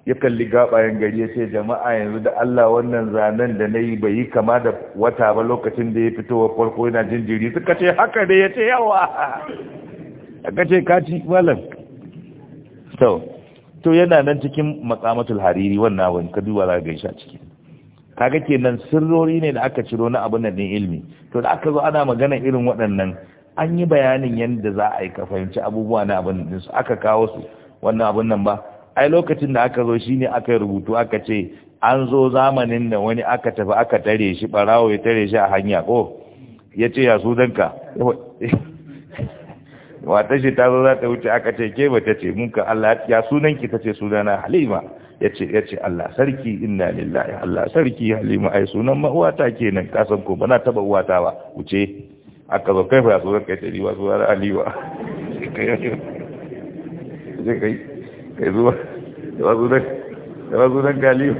ya kalli gabayen gari ya ce jama'a yanzu da Allah wannan zanen da na yi bai yi kama da wata ba lokacin da ya fito wa farko yana jin jiri suka ce haka dai ya ce yawa aka ce kaci malam to yana nan cikin makamatul hariri wannan wani ka duba za ka gaisha ciki kaga kenan sirrori ne da aka ciro na abin nan din ilmi to da aka zo ana magana irin waɗannan an yi bayanin yadda za a yi ka fahimci abubuwa na abin da su aka kawo su wannan abin nan ba ai lokacin da aka zo shine aka rubutu aka ce an zo zamanin da wani aka tafi aka tare shi barawo ya tare shi a hanya ko ya ce ya su danka wata shi ta zo za ta wuce aka ce ke ba ta ce mun ka Allah ya ki ta ce sunana halima yace yace Allah sarki inna lillahi Allah sarki Halima ai sunan ma uwata kenan kasan ko bana taba uwata ba wuce aka zo kai fa so kai ta tari ba zuwa Aliwa je kai kai zo zo da zo da zuwa galiyo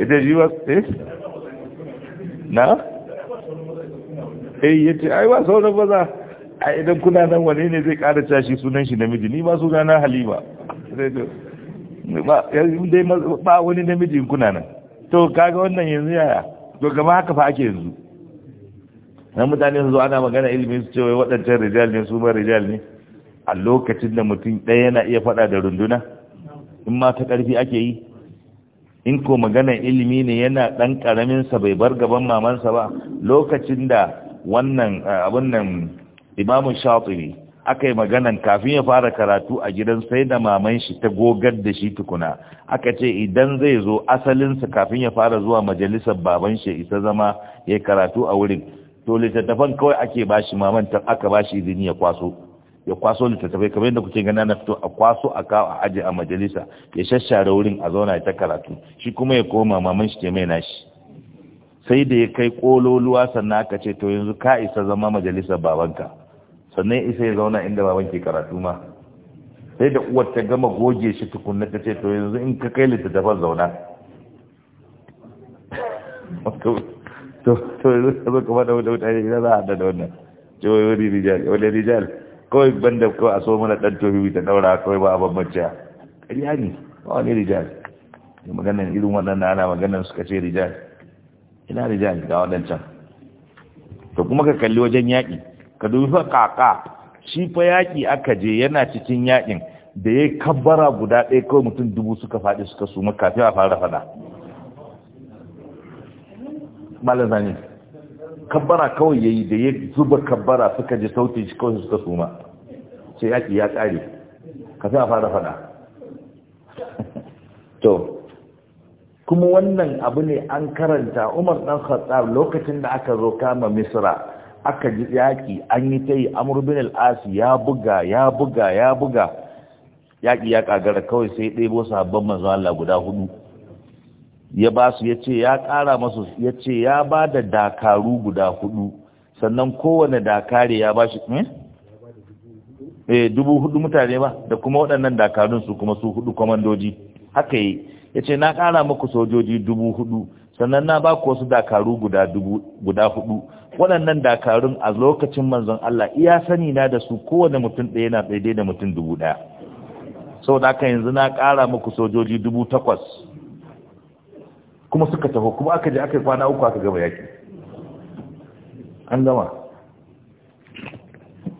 ita jiwa eh na eh yace ai wa so da baza a idan kuna nan wane ne zai ƙara cashi sunan shi namiji ni ma sunana Halima sai Eh, ba wani namiji in kuna nan to kaga wannan yanzu yaya to gama haka fa ake yanzu na mutane su zo ana magana ilimin su cewa waɗancan rijal ne su ba rijal ne a lokacin da mutum ɗaya yana iya faɗa da runduna in ma ta ƙarfi ake yi in ko magana ilimi ne yana ɗan ƙaramin sa bai bar gaban mamansa ba lokacin da wannan eh, abin nan imamun shafiri aka yi maganan kafin ya fara karatu a gidan sai da maman shi ta gogar da shi tukuna aka ce idan zai zo asalinsa kafin ya fara zuwa majalisar baban shi isa zama ya karatu a wurin to littattafan kawai ake bashi maman ta aka bashi izini ya kwaso ya kwaso littattafai kamar yadda kuke gana na fito a kwaso a kawo a aji a majalisa ya shashare wurin a zauna ta karatu shi kuma ya koma maman shi ke mai nashi sai da ya kai kololuwa sannan aka ce to yanzu ka isa zama majalisar babanka sannan isa ya zauna inda baban ke karatu ma sai da uwar ta gama goge shi tukunna ta ce to yanzu in ka kai littattafan zauna to yanzu ka zo kuma da wuta ina za a hada da wannan ce wani rijal wani rijal kawai banda kawai a so mana dan tohiwi ta daura kawai ba a bambanciya ƙarya ne ba wani rijal maganan irin waɗannan ana maganan suka ce rijal ina rijal ga waɗancan to kuma ka kalli wajen yaƙi ka dubi fa kaka shi fa yaki aka je yana cikin yakin da ya kabbara guda ɗaya kawai mutum dubu suka faɗi suka suma kafin a fara fada malar zane kabbara kawai ya yi da ya zuba kabbara suka ji sautin shi kawai suka suma sai yaki ya ƙare kafin a fara fada to kuma wannan abu ne an karanta umar ɗan khattab lokacin da aka zo kama misra aka ji yaƙi an yi ta yi Amurbin bin al'asi ya buga ya buga ya buga yaƙi ya ƙagara kawai sai ɗebo sabon manzo Allah guda hudu ya ba su ya ce ya ƙara masu ya ce ya ba da dakaru guda hudu sannan kowane dakare ya ba shi E! dubu hudu mutane ba da kuma waɗannan dakarun su kuma su hudu kwamandoji haka yi ya ce na ƙara muku sojoji dubu hudu sannan na ba ku wasu dakaru guda hudu waɗannan dakarun a lokacin manzon Allah iya sani na da su kowane mutum ɗaya na daidai da mutum dubu ɗaya sau da aka yanzu na ƙara muku sojoji dubu takwas kuma suka taho kuma aka je aka yi kwana uku aka gama yaki an gama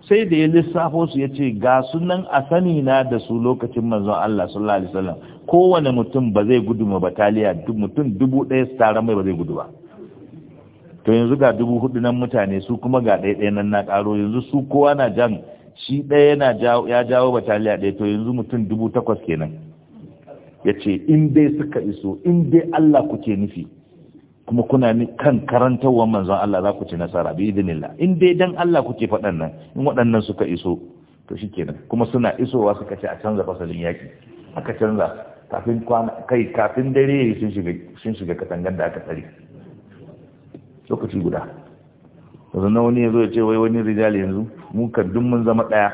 sai da ya lissafo su ya ce ga sunan a sani na da su lokacin manzon Allah sallallahu alaihi wasallam kowane mutum ba zai gudu ma bataliya mutum dubu ɗaya su tara mai ba zai gudu ba to yanzu ga dubu hudu nan mutane su kuma ga ɗaya nan na ƙaro yanzu su kowa na jan shi ɗaya yana ya jawo bataliya ɗaya to yanzu mutum dubu takwas kenan ya ce in dai suka iso in dai Allah kuke nufi kuma kuna kan karantarwar manzon Allah za ku ci nasara bi idinillah in dai dan Allah kuke faɗan nan in waɗannan suka iso to kenan kuma suna isowa suka ce a canza fasalin yaki aka canza kafin kwana kai kafin dare sun shiga katangar da aka tsare lokaci guda na wani ya zo ya ce wai wani rijal yanzu mu kan duk mun zama ɗaya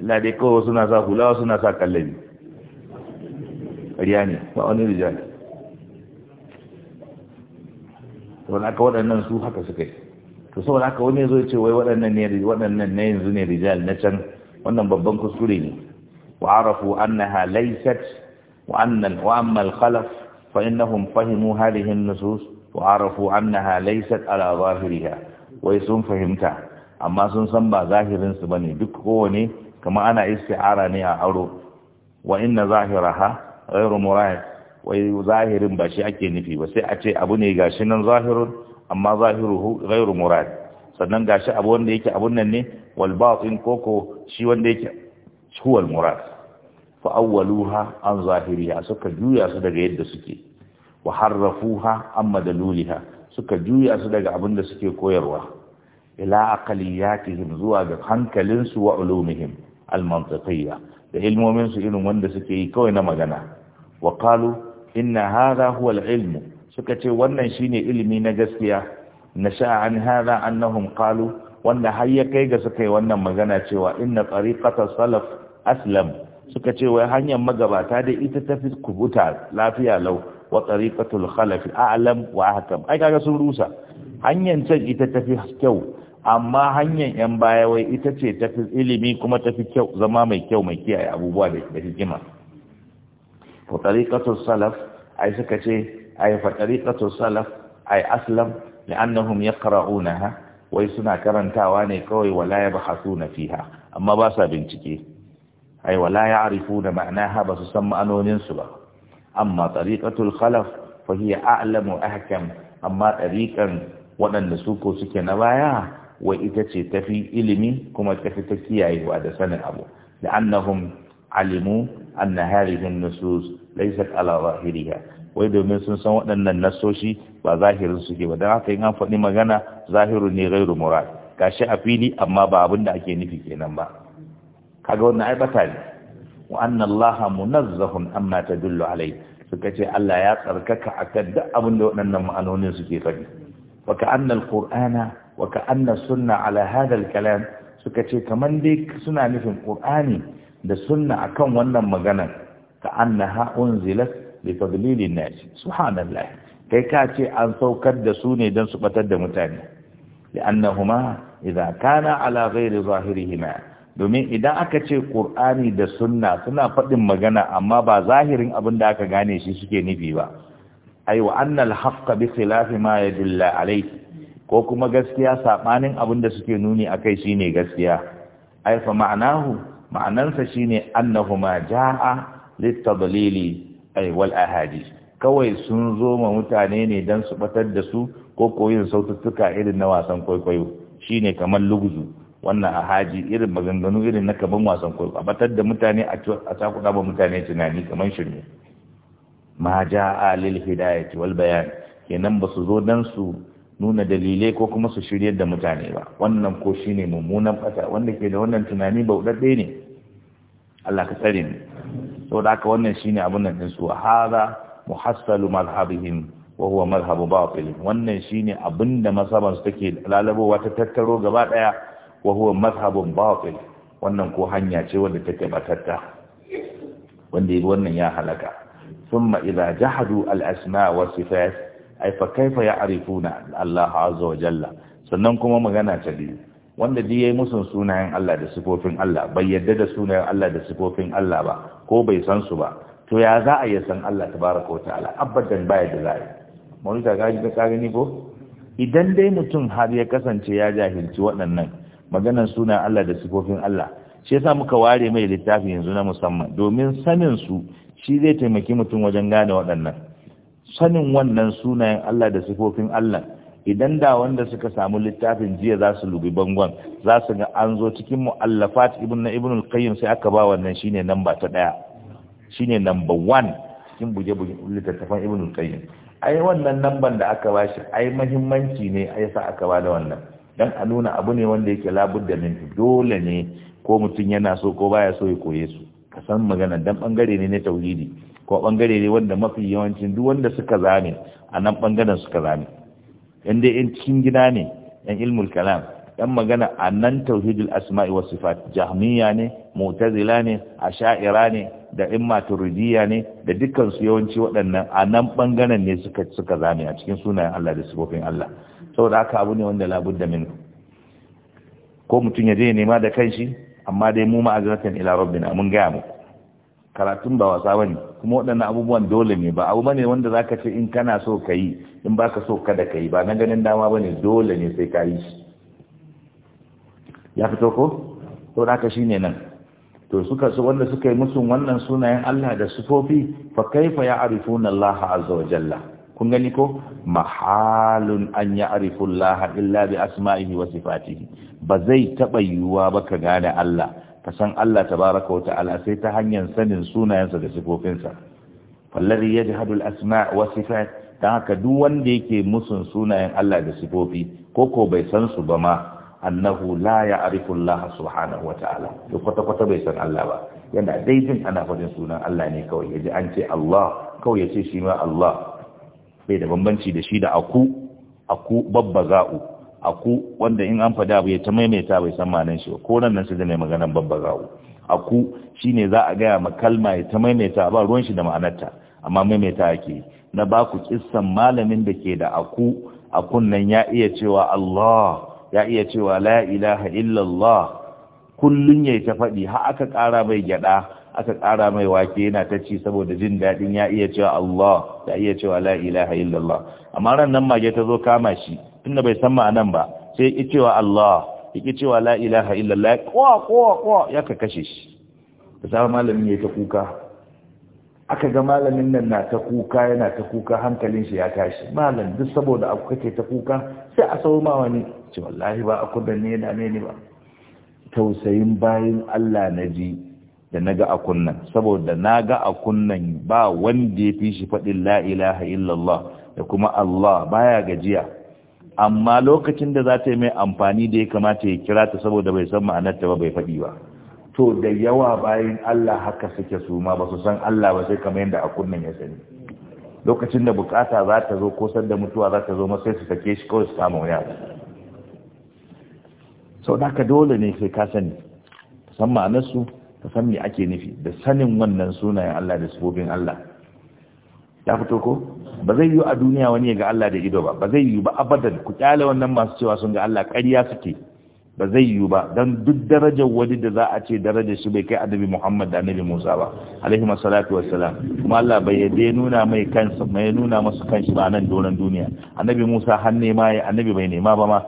illa dai kawai wasu na sa hula wasu na sa kallabi ƙarya ne ba wani rijal wani aka waɗannan su haka suka yi to saboda haka wani ya zo ya ce wai waɗannan ne na yanzu ne rijal na can wannan babban kuskure ne وعرفوا أنها ليست وأن wa annal wa amma al-khalaf wa arafu annaha laysat ala zahiriha wai sun fahimta amma sun san ba zahirin su bane duk kowane kamar ana isti'ara ne a aro wa inna zahiraha ghayru murad wai zahirin ba shi ake nufi ba sai a ce abu ne gashi nan zahirun amma zahiruhu ghayru murad sannan gashi abu wanda yake abun nan ne wal batin koko shi wanda yake huwal murad fa awwaluha an zahiriya suka juya su daga yadda suke wa Amma da Luliha suka juya su daga abin da suke koyarwa ila aqaliyatihim zuwa ga hankalinsu wa ulumihim al da ilmomin su irin wanda suke yi kawai na magana wa qalu inna hadha huwa suka ce wannan shine ilimi na gaskiya nasha an hadha annahum qalu wanda har ya kai ga suka yi wannan magana cewa inna tariqata salaf aslam suka ce wai hanyar magabata da ita tafi kubuta lafiya lau wa tariqatul khalaf a'lam wa ahkam ai kaga sun rusa hanyar can ita tafi kyau amma hanyar yan baya wai ita ce tafi ilimi kuma tafi kyau zama mai kyau mai kiyaye abubuwa da hikima wa tariqatul salaf ai suka ce ai fa tariqatul salaf ai aslam li'annahum yaqra'unaha wai suna karantawa ne kawai wala yabhasuna fiha amma ba sa bincike ai wala ya'rifuna ma'naha ba su san ma'anonin su ba amma tariqatul khalaf fa hiya a'lamu ahkam amma tariqan waɗanda su ko suke na baya wa ita ce tafi ilimi kuma tafi ta kiyayewa da sanin abu da annahum alimu anna hadhihi nusus laysat ala zahiriha wai domin sun san waɗannan nasoshi ba zahirin suke ba dan haka yin an faɗi magana zahiru ne gairu murad gashi a fili amma ba abin da ake nufi kenan ba kaga wannan ai bata ne wa anna allaha munazzahun amma dullu alai suka ce Allah ya tsarkaka akan duk abin da waɗannan ma'anonin suke faɗi wa ka'anna alqur'ana wa ka'anna sunna ala hadha alkalam suka ce kaman dai suna nufin Al-ƙur'ani da sunna akan wannan maganar ka'annaha unzilat bi tadlilin nas subhanallah kai ka ce an saukar da su ne don su batar da mutane لأنهما إذا كان على غير ظاهرهما domin idan aka ce ƙur'ani da sunna suna faɗin magana amma ba zahirin abin da aka gane shi suke nufi ba ai wa annal haqqa bi khilafi ma yadulla alayhi ko kuma gaskiya sabanin abin da suke nuni akai shine gaskiya ai fa ma'anahu ma'anansa shine annahuma jaa litadlili ai wal ahadi kawai sun zo ma mutane ne dan su batar da su ko koyin saututtuka irin na wasan kwaikwayo shine kamar lugzu wannan a haji irin maganganu irin na kaban wasan kwaikwayo a batar da mutane a cakuɗa ba mutane tunani kamar shirme ma ja'a lil hidayati wal bayan kenan ba su zo dan su nuna dalilai ko kuma su shiryar da mutane ba wannan ko shine mummunan fata wanda ke da wannan tunani dai ne Allah ka tsare ni saboda haka wannan shine abun nan din su hada muhassalu madhhabihim wa huwa madhhabu batil wannan shine abinda masaban su take lalabowa ta tattaro gaba ɗaya. wa huwa mazhabun batil wannan ko hanya ce wanda take batatta wanda yi wannan ya halaka thumma idza jahadu al asma wa sifat ay fa kaifa ya'rifuna Allah azza wa jalla sannan kuma magana ta biyu wanda duk yayi musun sunayen Allah da sifofin Allah bai yadda da sunayen Allah da sifofin Allah ba ko bai san su ba to ya za a yi san Allah tabaraka wa ta'ala abadan baya da zai mauta ga ga gani ko idan dai mutum har ya kasance ya jahilci waɗannan maganar suna Allah da sifofin Allah shi yasa muka ware mai littafi yanzu na musamman domin sanin su shi zai taimaki mutum wajen gane waɗannan sanin wannan sunayen Allah da sifofin Allah idan da wanda suka samu littafin jiya za su lubi bangon za su ga an zo cikin mu'allafat ibn ibn al sai aka ba wannan shine namba ta daya shine number 1 cikin buje buje littafin ibn al ai wannan namban da aka ba shi ai muhimmanci ne ai sa aka ba da wannan dan a nuna abu ne wanda yake labudda min dole ne ko mutum yana so ko baya so ya koye su ka san magana dan bangare ne na tauhidi ko bangare ne wanda mafi yawancin duk wanda suka zame a nan bangaren suka zame in dai in cikin gida ne yan ilmul kalam yan magana a nan tauhidul asma'i was sifat jahmiya ne mu'tazila ne asha'ira ne da immaturidiya ne da dukkan su yawanci waɗannan a nan bangaren ne suka suka zame a cikin sunayen Allah da sifofin Allah saboda haka abu ne wanda labudda min ko mutum ya je nema da kanshi amma dai mu ma'azratan ila rabbina mun gaya muku karatun ba wasa bane kuma waɗannan abubuwan dole ne ba abu bane wanda zaka ce in kana so ka in baka so kada ka yi ba na ganin dama bane dole ne sai ka shi ya fito ko to ka shine nan to suka su wanda suka yi musun wannan sunayen Allah da sufofi fa kaifa ya'rifuna Allah azza wa jalla kun gani ko mahalun an ya'rifu Allah illa bi asma'ihi wa sifatihi ba zai taba yiwuwa ba ka gane Allah ka san Allah tabaraka wa ta'ala sai ta hanyar sanin sunayensa da sifofinsa falladhi yajhadu al-asma' wa sifat dan haka duk wanda yake musun sunayen Allah da sifofi ko ko bai san su ba ma annahu la ya'rifu subhanahu wa ta'ala to kwata kwata bai san Allah ba yana daidai ana fadin sunan Allah ne kawai yaji an ce Allah kawai yace shi ma Allah bai da bambanci da shi da aku aku babba za'u aku wanda in an fada bai ta maimaita bai san manan shi ko nan nan sai da mai maganan babba za'u aku shine za a gaya ma kalma ya ta maimaita ba ruwan shi da ma'anarta amma maimaita yake na ba ku kissan malamin da ke da aku akun nan ya iya cewa Allah ya iya cewa la ilaha illallah kullun yayi ta faɗi har aka kara bai gyada aka ƙara mai wake yana ta ci saboda jin daɗin ya iya cewa Allah Ya iya cewa la ilaha illallah amma ran nan mage ta zo kama shi tunda bai san ma'anan ba sai ya cewa Allah ya cewa la ilaha illallah kwa kwa kwa ya ka kashe shi da sa malamin ya ta kuka aka ga malamin nan na ta kuka yana ta kuka hankalin shi ya tashi malam duk saboda aku kake ta kuka sai a ma wani ce wallahi ba aku da ne da ne ba tausayin bayin Allah na ji da na ga a kunnan saboda na ga a kunnan ba wanda ya fi shi faɗin la ilaha illallah da kuma Allah baya gajiya amma lokacin da za ta yi mai amfani da ya kamata ya kira ta saboda bai san ma'anarta ba bai faɗi ba to da yawa bayan Allah haka suke su ma ba su san Allah ba sai kamar yadda a kunnan ya sani lokacin da bukata za ta zo ko da mutuwa za ta zo masai su sake shi kawai su kama wuya sau da dole ne sai ka sani san su. ka san me ake nufi da sanin wannan sunayen Allah da sifofin Allah ya fito ko ba zai yi a duniya wani ya ga Allah da ido ba ba zai yi ba abadan ku kyale wannan masu cewa sun ga Allah ƙarya suke ba zai yi ba dan duk darajar wani da za a ce darajar shi bai kai annabi Muhammad da annabi Musa ba alaihi salatu wassalam kuma Allah bai yadda ya nuna mai kansa mai nuna masa kanshi ba nan doron duniya annabi Musa har nema ya annabi bai nema ba ma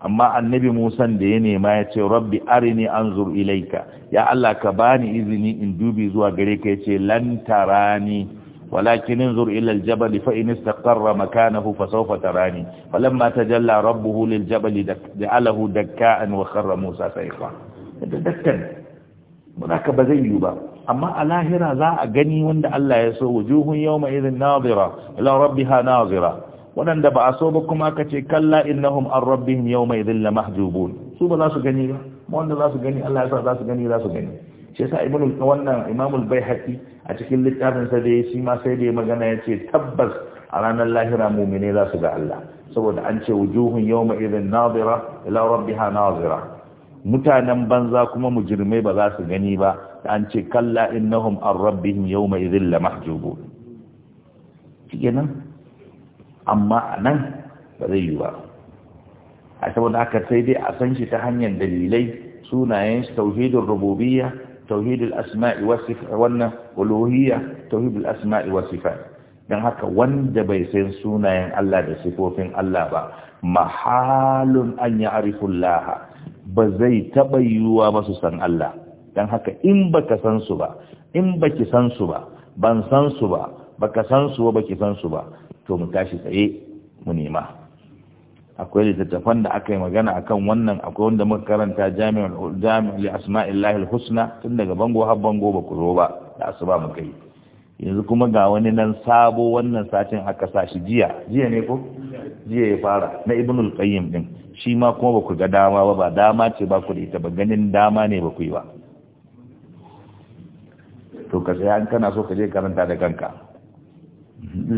amma annabi musan da ya nema ya ce rabbi arini anzur ilaika ya Allah ka bani izini in dubi zuwa gare ka yace lan tarani walakin anzur ila aljabal fa in istaqarra makanahu fa sawfa tarani falamma tajalla rabbuhu liljabal ja'alahu dakkan wa kharra musa sayqa da dakkan ka ba zai yi ba amma a lahira za a gani wanda Allah ya so wujuhun yawma idhin nadira ila rabbiha nadira waɗanda ba a so ba kuma aka ce kalla innahum an rabbihim yawma idhin mahjubun. su ba za su gani ba wanda za su gani Allah ya sa za su gani za su gani shi yasa ibnu wannan imam al-baihaqi a cikin littafin sa da shi ma sai da ya magana yace tabbas a ranar lahira mu'mine za su ga Allah saboda an ce wujuhun yawma idhin nadira ila rabbiha nazira mutanen banza kuma mujrimai ba za su gani ba an ce kalla innahum an rabbihim yawma idhin lamahjubun kenan amma a nan ba zai yi ba a saboda aka sai dai a san shi ta hanyar dalilai sunayen shi tauhidul rububiyya tauhidul asma'i wa wannan uluhiyya tauhidul asma'i wa sifat dan haka wanda bai san sunayen Allah da sifofin Allah ba mahalun an ya'rifullah ba zai taba yiwuwa ba su san Allah dan haka in baka san su ba in baki san su ba ban san su ba baka san su ba baki san su ba to mu tashi tsaye mu nema akwai littattafan da aka yi magana akan wannan akwai wanda muka karanta jami'ul jami'ul asma'illahil husna tun daga bango har bango ba ku zo ba da asuba mu kai yanzu kuma ga wani nan sabo wannan satin aka sa shi jiya jiya ne ko jiya ya fara na ibnul qayyim din shi ma kuma ba ku ga dama ba ba dama ce ba ku da ba ganin dama ne ba ku yi ba to ka sai an kana so ka je karanta da kanka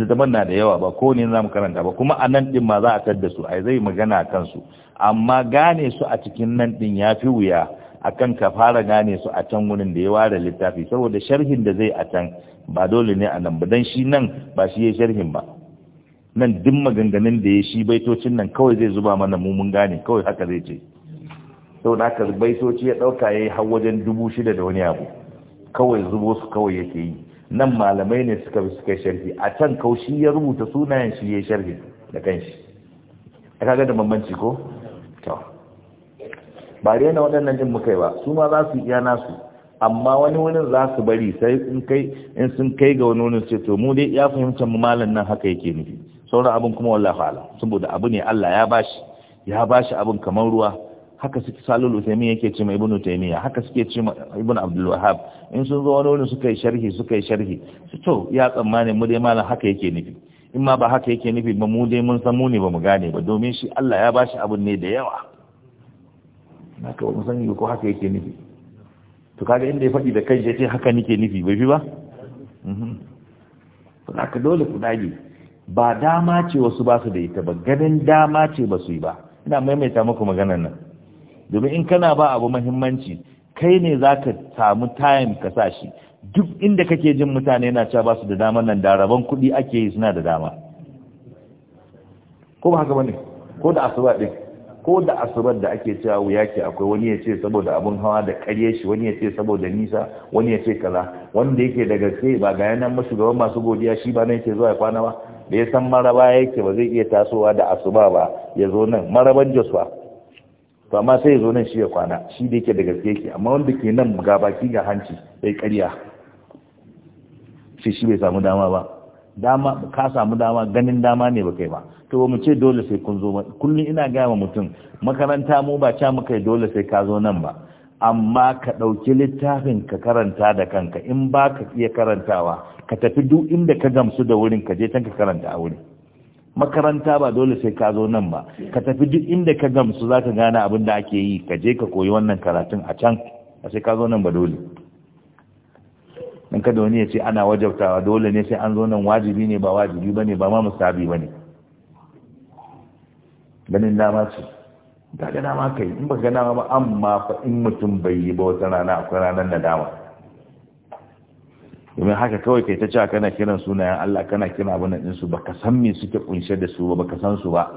zama na da yawa ba ko ne za mu karanta ba kuma a nan ɗin ma za a tadda su ai zai magana a kansu amma gane su a cikin nan ɗin ya fi wuya akan ka fara gane su a can wurin da ya ware littafi saboda sharhin da zai a can ba dole ne a nan ba don shi nan ba shi ya sharhin ba nan duk maganganun da ya shi baitocin nan kawai zai zuba mana mu gane kawai haka zai ce saboda haka baitoci ya ɗauka ya yi har wajen dubu shida da wani abu kawai zubo su kawai yake yi nan malamai ne suka bi suka sharhi a can kaushi ya rubuta sunayen shi ya sharhi da kanshi a kaga da bambanci ko to ba dai na waɗannan din muka yi ba su ma za su iya nasu amma wani wurin za su bari sai in kai in sun kai ga wani wurin ce. to mu dai ya fahimtar mu malam nan haka yake nufi sauran abin kuma wallahi ala saboda abu ne Allah ya bashi ya bashi abin kamar ruwa haka suke salul usaimin yake ce mai ibnu taimiya haka suke ce mai ibnu abdul wahab in sun zo wani suka yi sharhi suka yi sharhi su to ya tsammani mu dai malam haka yake nufi in ma ba haka yake nufi ba mu dai mun san mu ne ba mu gane ba domin shi Allah ya bashi abun ne da yawa na ka mun sani ko haka yake nufi to kaga inda ya faɗi da kai ya ce haka nake nufi bai fi ba mhm. to haka dole ku dage ba dama ce wasu ba su da ita ba ganin dama ce ba su yi ba ina maimaita muku maganar nan domin in kana ba abu mahimmanci kai ne za ka samu time ka sa shi duk inda kake jin mutane yana cewa ba su da damar nan da rabon kuɗi ake yi suna da dama ko ba haka bane ko da asuba din ko da asubar da ake cewa wuya ke akwai wani ya ce saboda abun hawa da karye shi wani ya ce saboda nisa wani ya ce kaza wanda yake da gaske ba ga yanan mashugaban masu godiya shi ba nan yake zuwa ya kwana ba da ya san maraba yake ba zai iya tasowa da asuba ba ya zo nan maraban jos ba to amma sai ya zo nan shi ya kwana shi da yake da gaske yake amma wanda ke nan ga baki ga hanci sai ƙarya shi shi bai samu dama ba dama ka samu dama ganin dama ne ba kai ba to mu ce dole sai kun zo kullum ina gaya wa mutum makaranta mu ba ca muka dole sai ka zo nan ba amma ka ɗauki littafin ka karanta da kanka in ba ka iya karantawa ka tafi duk inda ka gamsu da wurin ka je can ka karanta a wurin makaranta ba dole sai ka zo nan ba ka tafi duk inda ka gamsu za ka gane abin da ake yi ka je ka koyi wannan karatun a can a sai ka zo nan ba dole in ka da wani ya ce ana wajabtawa dole ne sai an zo nan wajibi ne ba wajibi ba ne ba ma musabi ba ne ganin dama ce ga dama ka yi in ba ga dama ba amma fa in mutum bai yi ba wata rana akwai ranar nadama domin haka kawai kai ta cewa kana kiran sunayen Allah kana kira abin nan ɗinsu baka san me suke kunshe da su ba baka san su ba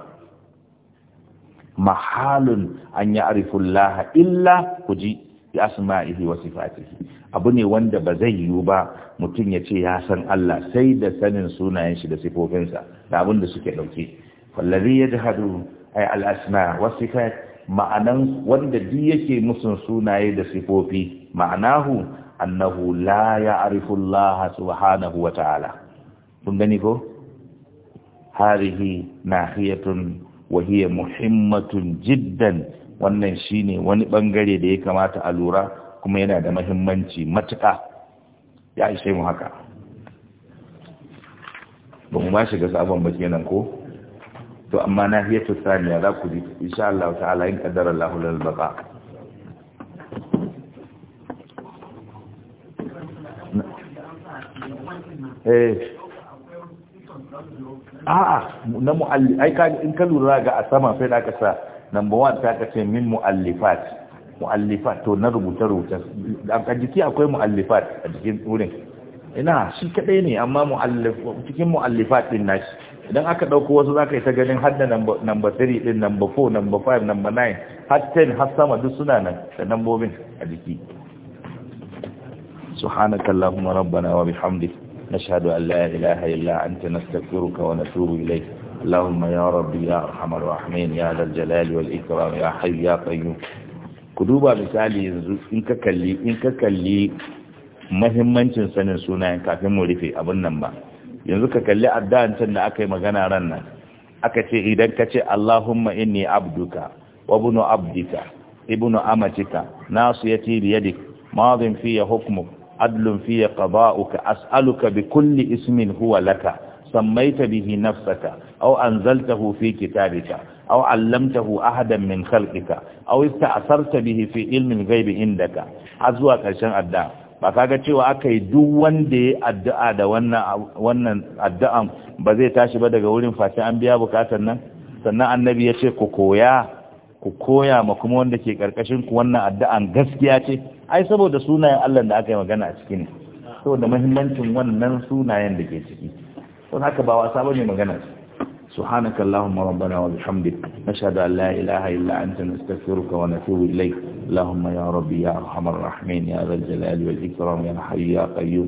mahalun an ya Allah illa ku ji bi asma'ihi wa sifatihi abu ne wanda ba zai yiwu ba mutum ya ce ya san Allah sai da sanin sunayen shi da sifofinsa da abin da suke dauke wallazi yajhadu ay al asma wa sifat ma'anan wanda duk yake musun sunaye da sifofi ma'anahu annahu la ya'rifu Allah subhanahu wa ta'ala kun gani ko harihi nahiyatun wa hiya muhimmatun jiddan wannan shine wani bangare da ya kamata a lura kuma yana da muhimmanci matuƙa ya ishe mu haka ba mu ba shiga sabon ba kenan ko to amma nahiyatu saniya za ku ji insha Allah ta'ala in qaddara Allahu lil baqa Eh. a'a in ka lura ga a sama sai da sa number one ta ka min mu'allifat mu'allifat to na rubuta rubuta a jiki akwai mu'allifat a jikin wurin ina shi kadai ne amma cikin mu'allifat din nashi idan aka dauko wasu zaka yi ta ganin har da number three, din number four, number five, number nine, har ten, har sama duk suna nan da nambobin a jiki subhanakallahumma rabbana wa bihamdika نشهد أن لا na إلا أنت نستغفرك ونتوب إليك اللهم يا ya يا ya الراحمين يا ذا الجلال والإكرام يا حي يا قيوم ku duba misali yanzu in ka kalli in mahimmancin sanin sunayen kafin mu rufe abin nan ba yanzu ka kalli addu'an can da aka yi magana ran nan aka ce idan ka ce Allahumma inni abduka wa ibnu abdika ibnu amatika nasiyati bi yadik madin fi hukmuk عدل في قضاءك أسألك بكل اسم هو لك سميت به نفسك أو أنزلته في كتابك أو علمته أحدا من خلقك أو استعثرت به في علم غيب عندك عزوة كشان أدعى bakaga cewa akai duk wanda ya addu'a da wannan addu'an ba zai tashi ba daga wurin fati an biya bukatar nan sannan annabi ya ce ku koya ku koya ma kuma wanda ke karkashin ku wannan addu'an gaskiya ce ai saboda sunayen Allah da aka yi magana a ciki ne saboda muhimmancin wannan sunayen da ke ciki don haka ba wasa bane magana subhanaka allahumma rabbana wa bihamdik nashhadu an la ilaha illa anta nastaghfiruka wa natubu ilayk allahumma ya rabbi ya arhamar rahimin ya zal jalali wal ikram ya hayy ya qayyum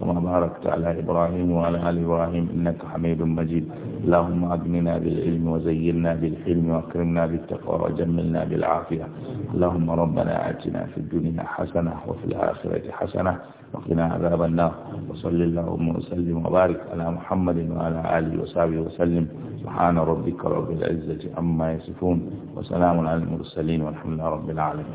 كما باركت على إبراهيم وعلى آل إبراهيم إنك حميد مجيد اللهم أغننا بالعلم وزينا بالحلم وأكرمنا بالتقوى وجملنا بالعافية اللهم ربنا آتنا في الدنيا حسنة وفي الآخرة حسنة وقنا عذاب النار وصل اللهم وسلم وبارك على محمد وعلى آله وصحبه وسلم سبحان ربك رب العزة عما يصفون وسلام على المرسلين والحمد لله رب العالمين